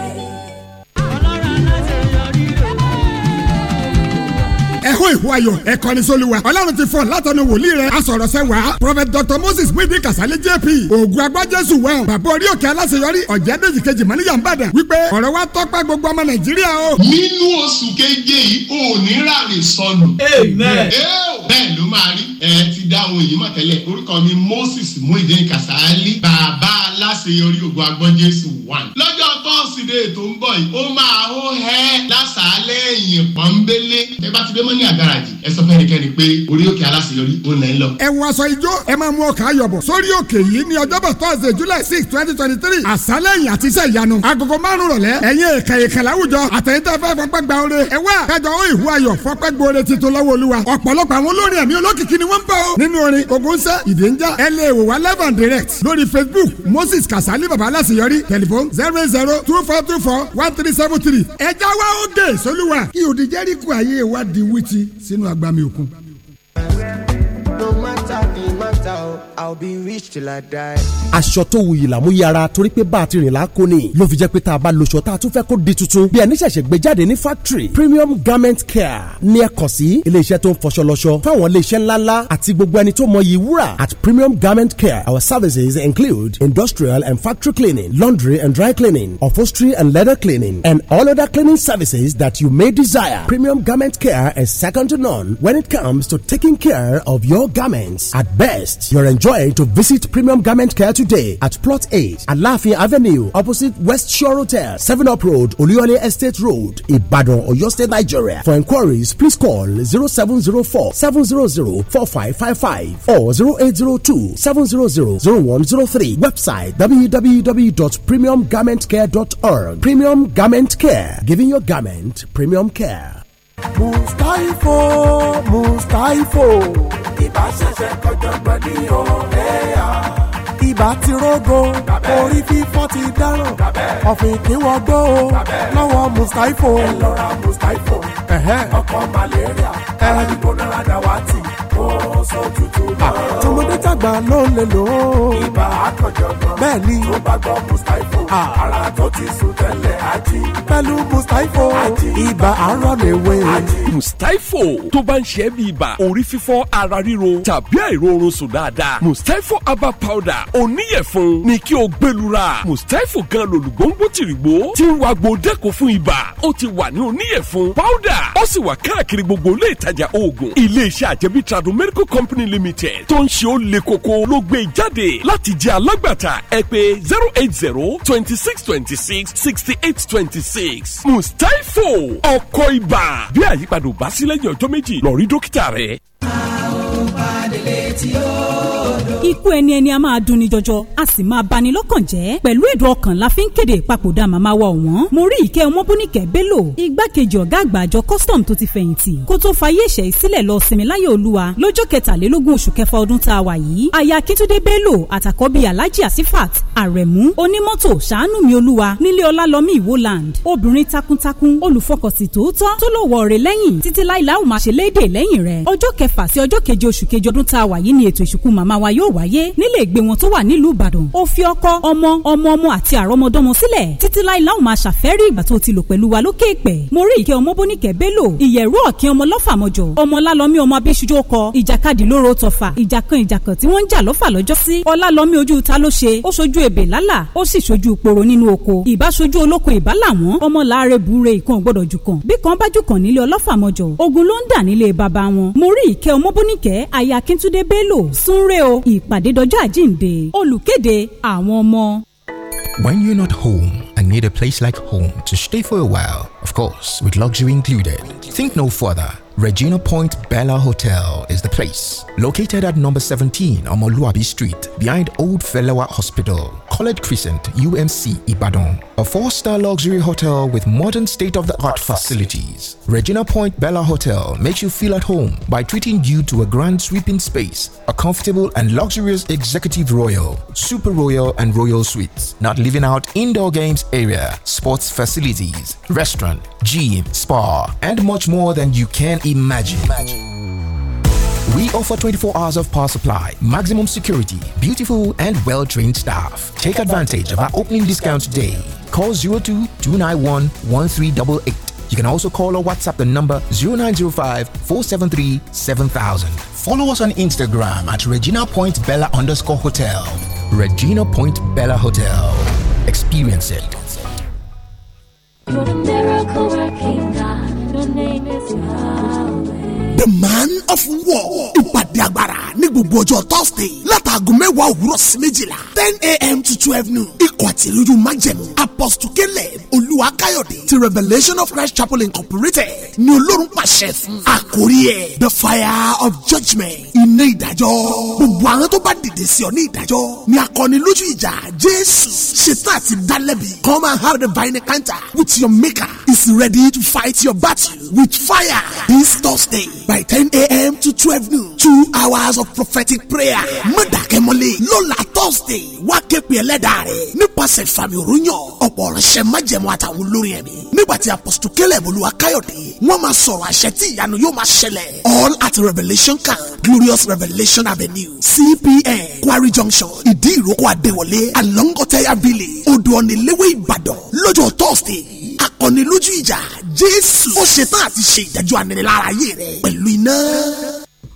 ẹ̀hún ìhú ayọ̀ ẹ̀kọ́ni sóluwa ọlọ́run ti fọ̀ látọ̀nù wòlíì rẹ̀ asọ̀rọ̀sẹ̀ wá prophet dr moses wíìdì kàsálẹ̀ jp ògùn agbájẹ́sù wà bàbá orí òkè aláṣeyọrí ọ̀jẹ̀dẹ̀jì kejì mọ́níyà ń bàdàn wípé ọ̀rọ̀ wa tọ́pẹ́ gbogbo ọmọ nàìjíríà o. nínú oṣù keje yìí ò ní rárẹ̀ sọnù. bẹ́ẹ̀
ló máa rí ẹ
ti dá àwọn èyí mọ̀ tẹ́lẹ̀ orúkọ mi moses muhidin kasali bàbá aláṣeyọrí ògùn agbájẹ́sù wà lọ́jọ́ tọ́sídẹ̀ẹ́ tó ń bọ̀ yìí ó máa hó hẹ́ lásàálẹ̀ ẹ̀yìn pọ́nbélé ẹ bá ti dé mọ́ní àgàràjì ẹ sọ fẹ́ni kẹ́ni pé orí òkè aláṣeyọrí ó lẹ́ ń lọ. ẹ wọ aṣọ ijó ẹ máa mú ọkà ayọ̀bọ̀ sórí òkè yìí ní ọjọ́bọ̀ tọ́sídẹ̀ẹ́ July six twenty twenty three àṣálẹ̀ ẹ̀yìn àti iṣẹ́ ìyanu agogo márùn rọ̀lẹ́ ẹ̀yìn èkà èkà láwùjọ àtẹ̀yìntẹ́ fẹ́ fọpẹ́ gba oore ẹ wá kájọ ó ìhú ayọ̀ fọpẹ́ gbóore o nínú orin ogunṣẹ́ ìdíńjà ẹ lè wò wá live Facebook Moses Kasali baba aláṣeyọrí tẹlifon zero zero two four two four one three seven three ẹ̀já wa ó dé sólúwa kí òdìjẹ́ríkù ayé wa di wíìtì sínú agbami òkun.
I'll be rich till I die.
aṣọ tó wuyì làmúyára torí pé bá a ti rìn láko ni ló fi jẹ́ pé tá a bá lòṣọ tá a tún fẹ́ kó di tuntun bí ẹni ṣẹ̀ṣẹ̀ gbé jáde ní factory premium garment care ní ẹ kàn sí iléeṣẹ́ tó ń fọṣọ lọ́ṣọ fáwọn iléeṣẹ́ ńláńlá àti gbogbo ẹni tó mọyì wúrà at premium garment care our services include industrial and factory cleaning laundry and dry cleaning upholstery and leather cleaning and all other cleaning services that you may desire premium garment care is second to none when it comes to taking care of your garments at best you're enjoy to visit Premium Garment Care today at Plot 8, Alafia Avenue, opposite West Shore Hotel, 7 Up Road, Oluyole Estate Road, Ibadan, Oyo State, Nigeria. For inquiries, please call 0704 700 4555 or 0802 700 0103. Website www.premiumgarmentcare.org. Premium Garment Care, giving your garment premium care.
mustaifo
mustaifo. ibà ṣẹ̀ṣẹ̀ kọjọ́gbọ́n ní òǹlẹ́yà. ibà ti rógo orí
fífọ́ ti dáràn ọ̀fìn kí wọ́n gbó o lọ́wọ́ mustaifo. ẹ lọ ra mustaifo ọkọ̀ malaria aládùúgbò náírà dáwà tì. Ah, tọmọdé tàgbà ló lè lò ó. ibà àkànjọ̀gbọ́n. bẹ́ẹ̀ ni. tó bá gbọ́
mustapho. Ah. ara tó ti sùn tẹ́lẹ̀ ají. pẹ̀lú mustapho. ají ibà arọ lè wé. ají mustapho tó bá ń ṣe é bí ibà orí fífọ́ ara ríro tàbí àìróorun sùn dáadáa. mustapho herbal powder oníyẹ̀fun ni kí o gbẹlura. mustapho gan lòlùgbòǹgbò tìrìgbò ti ń gbòdẹ́kọ̀ fún ibà ó ti wà ní oníyẹ̀fun powder ó sì wà káàkiri gbogbo ilé ìtajà oògùn ilé iṣẹ́ àjẹbí tradom numerical company limited tó ń ṣe ó le koko ló gbé jáde láti jẹ́ alágbàtà ẹ pè zero eight zero twenty six twenty six sixty eight twenty six mustapho ọkọ̀ ibà bí àyípadà ò bá sí lẹ́yìn ọjọ́ méjì lọ rí dókítà rẹ. a ò bá
délé tí ó ikú ẹni ẹni a máa dunni jọjọ a sì máa bani lọ́kàn jẹ́ pẹ̀lú èdè ọkàn la fi ń kéde ìpapòdà màmá wa ọ̀wọ́n mo rí ìkẹ́ ọmọbúnìkẹ́ bello igbákejì ọ̀gá àgbà àjọ custom tó ti fẹ̀yìntì kó tó fayé ìṣẹ́ sílẹ̀ lọ sinmi láyé olúwa lọ́jọ́ kẹtàlélógún oṣù kẹfà ọdún tá a wà yìí aya kítúndé bello àtàkọ́bí alhaji asifat àrẹ̀mú onímọ́tò ṣàánú mi land obìnrin takuntakun olùfọkànsìn tòótọ́ tó lọ́wọ́ rẹ̀ lẹ́yìn títí láìláhùn máṣe léde lẹ́yìn rẹ̀ ọjọ́ kẹfà sí ọjọ́ keje oṣù keje ọdún ni ètò ìsìnkú màmá wa wáyé nílé ìgbé wọn tó wà nílùú ìbàdàn ó fi ọkọ ọmọ ọmọ ọmọ àti àrọmọdọ́mọ sílẹ̀ títí láìláwọn máa ṣàfẹ́rí ìgbà tó ti lò pẹ̀lú wa lókè ìpẹ́ mo rí ìkẹ́ ọmọ bóníkẹ́ bélò ìyẹ̀rú ọ̀kẹ́ ọmọ lọ́fàmọ́jọ ọmọ lálọ́mí ọmọ abéṣujó kọ ìjàkadì lóró tọ̀fà ìjàkan ìjàkan tí wọ́n ń jà lọ́fà lọ́jọ́ sí ọlálọ́mí ojú ta ló ṣe ó ṣojú ebè lálà ó sì ṣojú poro nínú oko ìbáṣojú olóko ìbálà wọn ọmọ láàárẹ̀ búre ìkan gbọ́dọ̀ jù kan bí kan bá jù kan nílé ọlọ́fàmọ́jọ ogun ló ń dà nílé bàbá wọn mo rí ìkẹ́ ọmọ bóníkẹ́ àyà akíntúndé o ìpàdé dọjọ́ àjíǹde olùkéde àwọn ọmọ.
When you're not home and need a place like home to stay for a while, of course, with luxury included, think no further Regina Point Bella Hotel is the place. Located at number 17 on Moluabi Street, behind Old Fellower Hospital, College Crescent, UMC, Ibadan. A four star luxury hotel with modern state of the art facilities. Regina Point Bella Hotel makes you feel at home by treating you to a grand sweeping space, a comfortable and luxurious executive royal, super royal, and royal suites. Not leaving out indoor games area, sports facilities, restaurant, gym, spa, and much more than you can imagine. imagine. We offer 24 hours of power supply, maximum security, beautiful and well trained staff. Take advantage of our opening discount today. Call 02 291 1388. You can also call or WhatsApp the number 0905 473 7000. Follow us on Instagram at Regina Point Bella underscore hotel. Regina Point Bella Hotel. Experience it
man of war ìpàdé agbára. ní gbogbo ọjọ́ thursday látàgò mẹ́wàá òwúrọ̀ sí méjìlá ten a.m. to twelve noon ikọ̀ àtìlójú májẹ̀mú apostle caleb olúwakáyọ̀dé ti revelation of christ chapel incorporated ní olórun pàṣẹ fún àkórí ẹ̀ the fire of judgment iná ìdájọ́ gbogbo àwọn tó bá dìde sí ọ ní ìdájọ́ ni akọni lójú ìjà jésù ṣetán àti dálẹ́bi come and have the vine encounter with your maker is ready to fight your battle with fire this thursday by ten a.m. to twelve noon two hours of prophetic prayer mọ̀dàkẹ́mọ́lé lọ́la thursday wá képe ẹlẹ́dàá rẹ̀ nípasẹ̀ ìfàmì òrùnyàn ọ̀pọ̀ ọ̀rẹ́sẹ̀ májẹ̀mú àtàwọn olórin ẹ̀mí nígbà tí apọ́sítù kẹlẹ̀ olúwa káyọ̀dé wọ́n máa sọ̀rọ̀ àṣẹ tí ìyanu yóò máa ṣẹlẹ̀ all at revelation camp glorious revelation avenue cpn quarry junction ìdí ìrókò àdéwọlé alongotaya village odò ọ̀nìlẹ́wẹ̀ ìbàdàn lọ́jọ́ thursday akọni lójú ìjà jésù ó ṣetán àti ṣe ìdájọ́ aninilára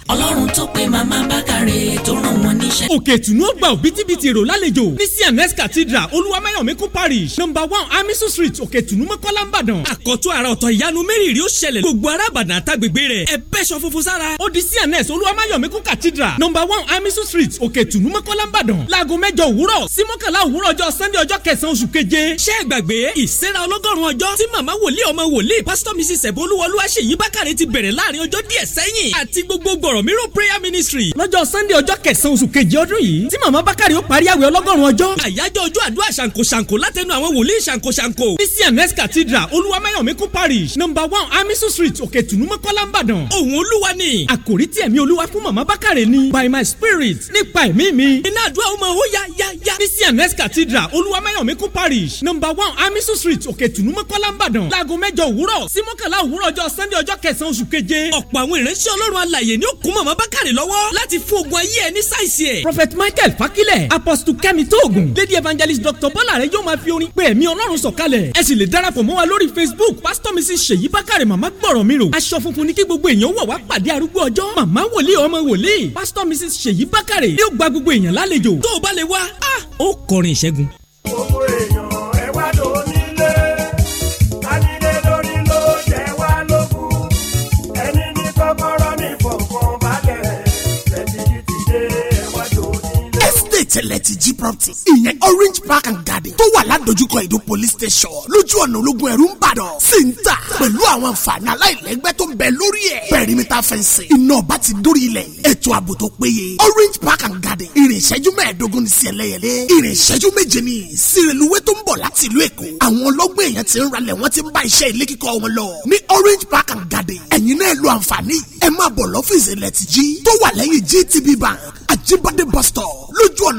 ọlọ́run
tó pe màmá
bákàrẹ̀ tó
ràn wọ́n níṣẹ́. òkè ìtùnú ọgbà òbítíbitì èrò lálejò ní cns cathedral olúwamẹ́yọ̀mẹ́kún parish number one amisu street òkè ìtùnú mọ́kọ́lá ìbàdàn. àkọ́tún ara ọ̀tọ̀ ìyanu mẹ́rìnrì ó ṣẹlẹ̀ gbogbo ará ìbàdàn àtàgbègbè rẹ̀ ẹ bẹ́ṣọ funfun sára. ó di cns olúwamẹ́yọ̀mẹ́kún cathedral number one amisu street òkè ìtùnú mọ́kọ́lá ìbàdàn láago mẹ́jọ òwúrọ̀ sí mọ́kànlá òwúrọ̀ ọjọ́ sunday ọjọ́ kẹsàn-án oṣù keje. ṣé ẹ gbàgbé ìsẹ́ra ọlọ́gọ́rùn-ún ọjọ́ tí màmá wòlíì ọmọ wòlíì pásítọ̀ mrs ẹ̀bọ́lúwọlúwàṣèyí bákàrẹ̀ ti bẹ̀rẹ̀ láàrin ọjọ́ díẹ̀ sẹ́yìn àti gbogbo gbọ̀rọ̀ ọ̀rọ̀ prayer ministry lọ́jọ́ sunday ọjọ́ kẹsàn-án oṣù keje ọdún yìí tí màmá bákàrẹ̀ ó parí àwẹ̀ ọlọ́gọ́rùn ọjọ́ àyájọ́ ojú àdúrà ṣàǹkóṣàǹkó látẹnu àwọn wòlíì ṣàǹkóṣàǹkó bcms cathedral olúwamẹ́yàmíkú parish number one amisu street òkè tùnúmọ́kọ́lá ńbàdàn òun olúwa ni àkòrí tí ẹ̀mí olúwa fún màmá bákàrẹ̀ ni by my spirit nípa ẹ̀mí mi iná àdúrà ó máa hó ya ya ya bcms cathedral
olúwamẹ́yàmíkú
parish number one amisu street òkè tùnúmọ́kọ́lá ńbàdàn láago mẹ́jọ òwúrọ̀ sí mọ́kànlá òwúrọ̀ ọjọ́ sunday ọjọ́ kẹsàn-án oṣù keje ọ̀pọ̀ àwọn ìránṣẹ́ ọlọ́run alàyè ni ìbùkún màmá bákàrẹ̀ lọ́wọ́ láti fún ogun ayé ẹ ní sáìsì ẹ̀. prophet michael fakilẹ̀ apostle kẹ́mi tóògùn lady evangelist dr bọ́lá rẹ̀ yóò máa fi orin pé ẹ̀mí ọlọ́run sọ̀kalẹ̀ ẹ sì lè darapọ̀ mọ́ wa lórí facebook pastor mrs ṣèyí bákàrẹ̀ màmá gbọ̀rọ̀ mi rò aṣọ funfun ni kí gbogbo èèyàn wọ̀ wá pàdé arúgbó ọjọ́ màmá wòlé ọmọ wòlé pastor mrs ṣèyí bákàrẹ̀ yóò gba gbogbo èèyàn lálejò tó o bá lè wá ah,
tẹ̀lẹ̀ ti
jí property ìyẹn orange park and garden tó wà ládojúkọ ìdó police station lójú ọ̀nà ológun ẹ̀rú ń bàdàn sí ń tà pẹ̀lú àwọn àǹfààní aláìlẹ́gbẹ́ tó ń bẹ lórí ẹ̀ pẹ̀rímítà fẹ́ǹsì iná ọba ti dórí ilẹ̀ ètò ààbò tó péye orange park and garden ìrìn ìṣẹ́jú mẹ́ẹ̀ẹ́dógún ní sí ẹlẹ́yẹlé ìrìn ìṣẹ́jú méje ní sírèlúwé tó ń bọ̀ láti ìlú èkó àwọn ọlọ́gbọ́n èèyàn ti ń ralẹ̀ wọ́n ti ń bá iṣẹ́ ilé kíkọ́ wọn lọ ní orange park and garden ẹ̀yin náà lo àǹfààní ẹ máa bọ̀ lọ́fíìsì lẹ́tìjí tó wà lẹ́yìn gtb bank àjíbádé bus stop lójú ọ̀nà